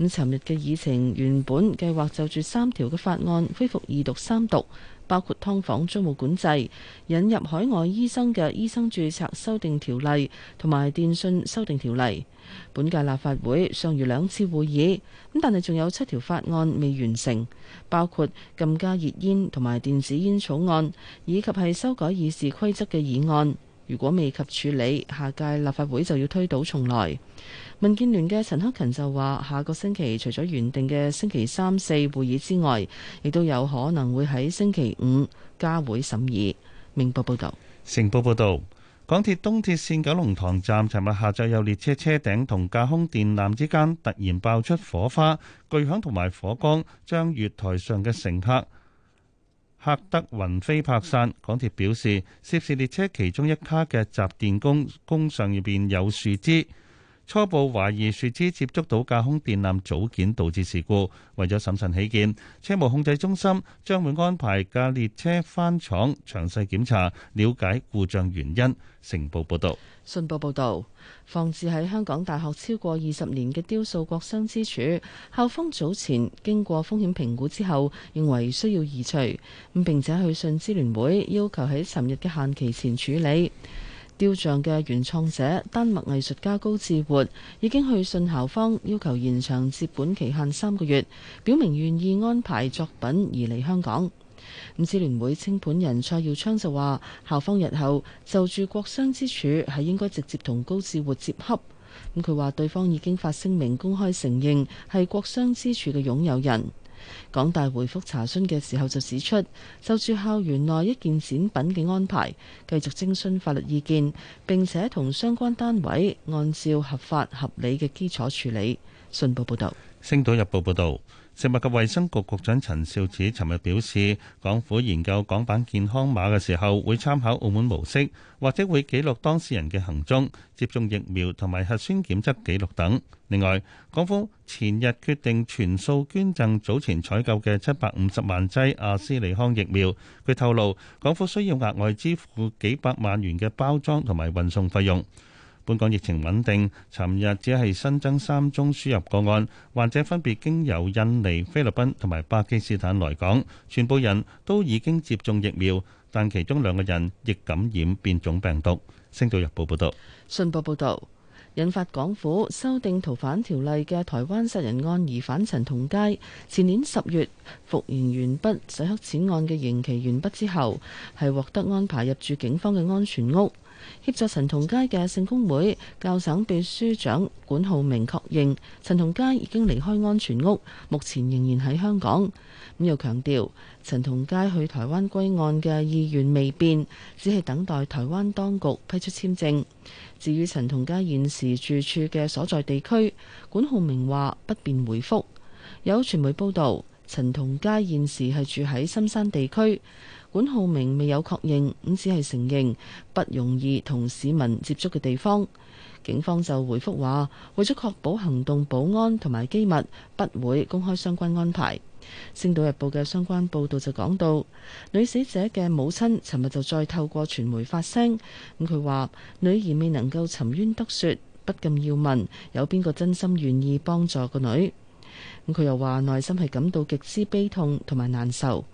咁尋日嘅議程原本計劃就住三條嘅法案恢復二讀三讀。包括劏房租務管制、引入海外醫生嘅醫生註冊修訂條例同埋電訊修訂條例。本屆立法會尚餘兩次會議，咁但係仲有七條法案未完成，包括禁加熱煙同埋電子煙草案，以及係修改議事規則嘅議案。如果未及處理，下屆立法會就要推倒重來。民建聯嘅陳克勤就話，下個星期除咗原定嘅星期三四會議之外，亦都有可能會喺星期五加會審議。明報報道，成報報道，港鐵東鐵綫九龍塘站，尋日下晝有列車車頂同架空電纜之間突然爆出火花、巨響同埋火光，將月台上嘅乘客嚇得魂飛魄散。港鐵表示，涉事列車其中一卡嘅集電弓弓上入邊有樹枝。初步懷疑樹枝接觸到架空電纜組件導致事故，為咗審慎起見，車務控制中心將會安排架列車翻廠詳細檢查，了解故障原因。成報報導，信報報導，放置喺香港大學超過二十年嘅雕塑國殤之柱，校方早前經過風險評估之後，認為需要移除，咁並且去信支聯會，要求喺尋日嘅限期前處理。雕像嘅原創者丹麥藝術家高志活已經去信校方，要求延長接本期限三個月，表明願意安排作品移嚟香港。咁，支聯會清盤人蔡耀昌就話，校方日後就住國殤之柱係應該直接同高志活接洽。咁佢話，對方已經發聲明公開承認係國殤之柱嘅擁有人。港大回覆查詢嘅時候就指出，就住校園內一件展品嘅安排，繼續徵詢法律意見，並且同相關單位按照合法合理嘅基礎處理。信報報導。星島日報報導。食物及衛生局局長陳肇始尋日表示，港府研究港版健康碼嘅時候會參考澳門模式，或者會記錄當事人嘅行蹤、接種疫苗同埋核酸檢測記錄等。另外，港府前日決定全數捐贈早前採購嘅七百五十萬劑阿斯利康疫苗。佢透露，港府需要額外支付幾百萬元嘅包裝同埋運送費用。本港疫情穩定，尋日只係新增三宗輸入個案，患者分別經由印尼、菲律賓同埋巴基斯坦來港，全部人都已經接種疫苗，但其中兩個人亦感染變種病毒。星島日報報道：「信報報道，引發港府修訂逃犯條例嘅台灣殺人案疑犯陳同佳，前年十月服刑完畢洗黑錢案嘅刑期完畢之後，係獲得安排入住警方嘅安全屋。協助陳同佳嘅聖公會教省秘書長管浩明確認，陳同佳已經離開安全屋，目前仍然喺香港。咁又強調，陳同佳去台灣歸案嘅意願未變，只係等待台灣當局批出簽證。至於陳同佳現時住處嘅所在地區，管浩明話不便回覆有傳媒報道，陳同佳現時係住喺深山地區。管浩明未有確認，咁只係承認不容易同市民接觸嘅地方。警方就回覆話，為咗確保行動保安同埋機密，不會公開相關安排。星島日報嘅相關報道就講到，女死者嘅母親尋日就再透過傳媒發聲，咁佢話女兒未能夠沉冤得雪，不禁要問有邊個真心願意幫助個女？咁佢又話內心係感到極之悲痛同埋難受。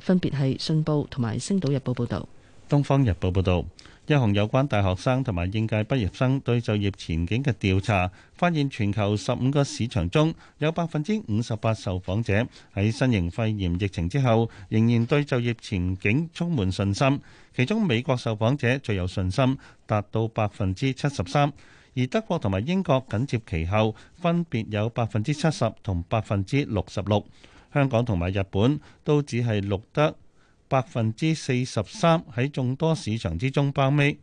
分別係信報同埋星島日報報導，《東方日報》報導一項有關大學生同埋應屆畢業生對就業前景嘅調查，發現全球十五個市場中有百分之五十八受訪者喺新型肺炎疫情之後仍然對就業前景充滿信心，其中美國受訪者最有信心，達到百分之七十三，而德國同埋英國緊接其後，分別有百分之七十同百分之六十六。香港同埋日本都只係錄得百分之四十三，喺眾多市場之中包尾。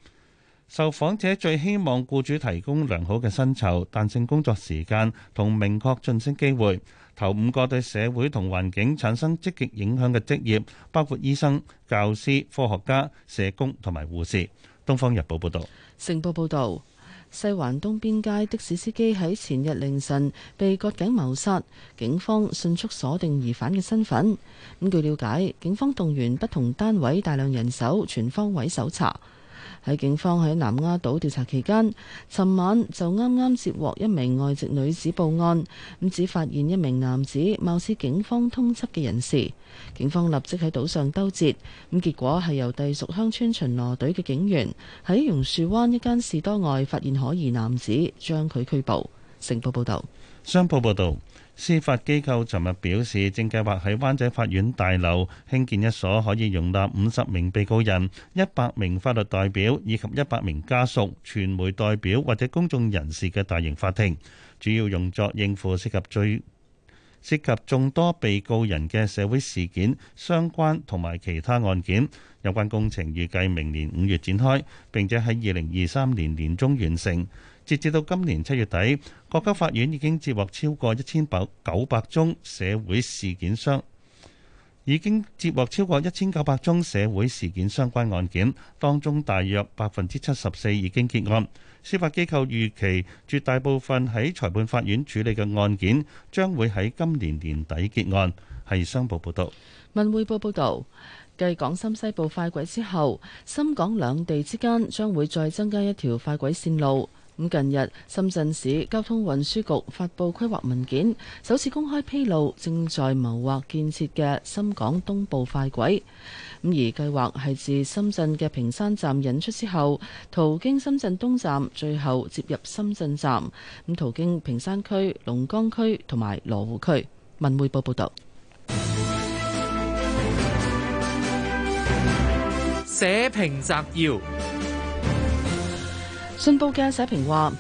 受訪者最希望僱主提供良好嘅薪酬、彈性工作時間同明確晉升機會。頭五個對社會同環境產生積極影響嘅職業包括醫生、教師、科學家、社工同埋護士。東方日報報道，成報報道。西環東邊街的士司機喺前日凌晨被割頸謀殺，警方迅速鎖定疑犯嘅身份。咁據了解，警方動員不同單位大量人手，全方位搜查。喺警方喺南丫島調查期間，尋晚就啱啱接獲一名外籍女子報案，咁只發現一名男子貌似警方通緝嘅人士，警方立即喺島上兜截，咁結果係由隸屬鄉村巡邏隊嘅警員喺榕樹灣一間士多外發現可疑男子，將佢拘捕。成報報道，商報報道。司法機構尋日表示，正計劃喺灣仔法院大樓興建一所可以容納五十名被告人、一百名法律代表以及一百名家屬、傳媒代表或者公眾人士嘅大型法庭，主要用作應付涉及最涉及眾多被告人嘅社會事件相關同埋其他案件。有關工程預計明年五月展開，並且喺二零二三年年中完成。截至到今年七月底，國家法院已經接獲超過一千九百宗社會事件相已經接獲超過一千九百宗社會事件相關案件，當中大約百分之七十四已經結案。司法機構預期絕大部分喺裁判法院處理嘅案件將會喺今年年底結案。係商報報道，文匯報報道：「繼港深西部快軌之後，深港兩地之間將會再增加一條快軌線路。咁近日深圳市交通運輸局發佈規劃文件，首次公開披露正在謀劃建設嘅深港東部快軌。咁而計劃係自深圳嘅坪山站引出之後，途經深圳東站，最後接入深圳站。咁途經坪山區、龍崗區同埋羅湖區。文匯報報道。寫評集要。信報嘅社評話：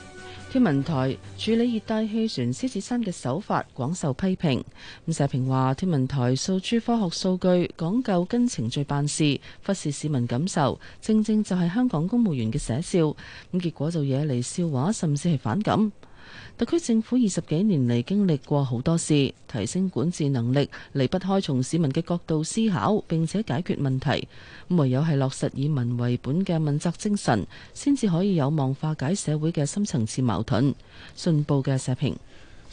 天文台處理熱帶氣旋獅子山嘅手法廣受批評。咁社評話：天文台訴諸科學數據，講究跟程序辦事，忽視市民感受，正正就係香港公務員嘅寫照。咁結果就惹嚟笑話，甚至係反感。特區政府二十幾年嚟經歷過好多事，提升管治能力，離不開從市民嘅角度思考並且解決問題。唯有係落實以民為本嘅問責精神，先至可以有望化解社會嘅深層次矛盾。信報嘅社評。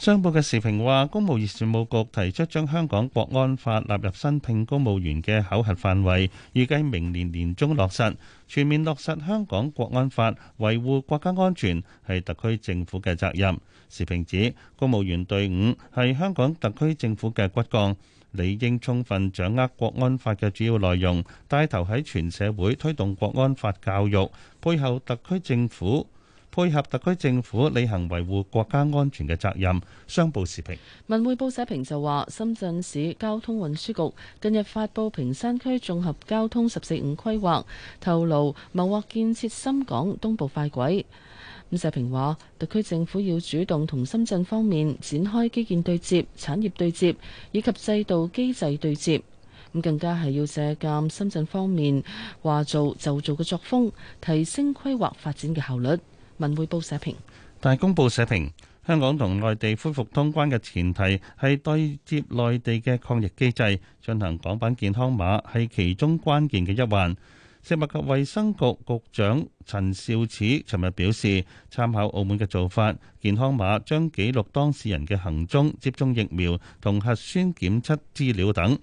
商報嘅時評話，公務員事務局提出將香港《國安法》納入新聘公務員嘅考核範圍，預計明年年中落實全面落實香港《國安法》，維護國家安全係特區政府嘅責任。時評指公務員隊伍係香港特區政府嘅骨幹，理應充分掌握《國安法》嘅主要內容，帶頭喺全社會推動《國安法》教育，配合特區政府。配合特區政府履行維護國家安全嘅責任。商報時評。文匯報社評就話，深圳市交通運輸局近日發佈坪山區綜合交通十四五規劃，透露謀劃建設深港東部快軌。咁社評話，特區政府要主動同深圳方面展開基建對接、產業對接以及制度機制對接。咁更加係要借鑑深圳方面話做就做嘅作風，提升規劃發展嘅效率。文匯報社評。大公報社評，香港同內地恢復通關嘅前提係對接內地嘅抗疫機制，進行港版健康碼係其中關鍵嘅一環。食物及衛生局局長陳肇始尋日表示，參考澳門嘅做法，健康碼將記錄當事人嘅行蹤、接種疫苗同核酸檢測資料等。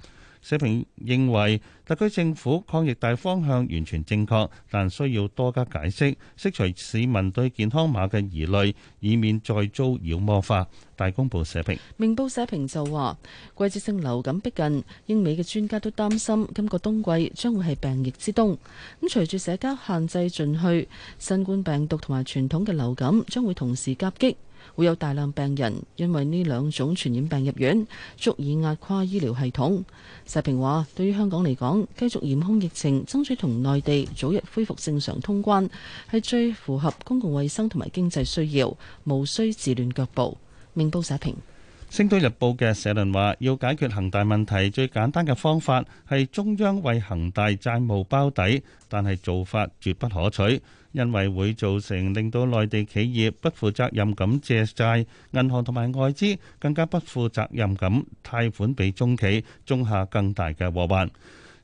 社評認為特區政府抗疫大方向完全正確，但需要多加解釋，釋除市民對健康碼嘅疑慮，以免再遭妖魔化。大公報社評，明報社評就話：季節性流感逼近，英美嘅專家都擔心今個冬季將會係病疫之冬。咁隨住社交限制進去，新冠病毒同埋傳統嘅流感將會同時夾擊。會有大量病人因為呢兩種傳染病入院，足以壓垮醫療系統。社評話：對於香港嚟講，繼續嚴控疫情，爭取同內地早日恢復正常通關，係最符合公共衛生同埋經濟需要，無需自亂腳步。明報社評，《星島日報》嘅社論話：要解決恒大問題，最簡單嘅方法係中央為恒大債務包底，但係做法絕不可取。因為會造成令到內地企業不負責任咁借債，銀行同埋外資更加不負責任咁貸款俾中企，種下更大嘅禍患。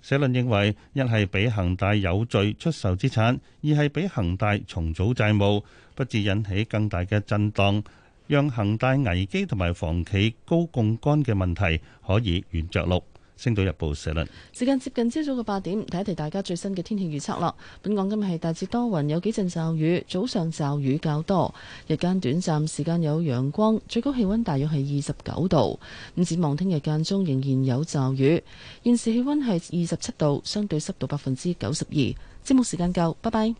社論認為，一係俾恒大有罪出售資產，二係俾恒大重組債務，不致引起更大嘅震盪，讓恒大危機同埋房企高槓桿嘅問題可以軟着陸。星島日報社論。時間接近朝早嘅八點，睇一睇大家最新嘅天氣預測啦。本港今日係大致多雲，有幾陣驟雨，早上驟雨較多，日間短暫時間有陽光，最高氣温大約係二十九度。咁展望聽日間中仍然有驟雨。現時氣温係二十七度，相對濕度百分之九十二。節目時間夠，拜拜。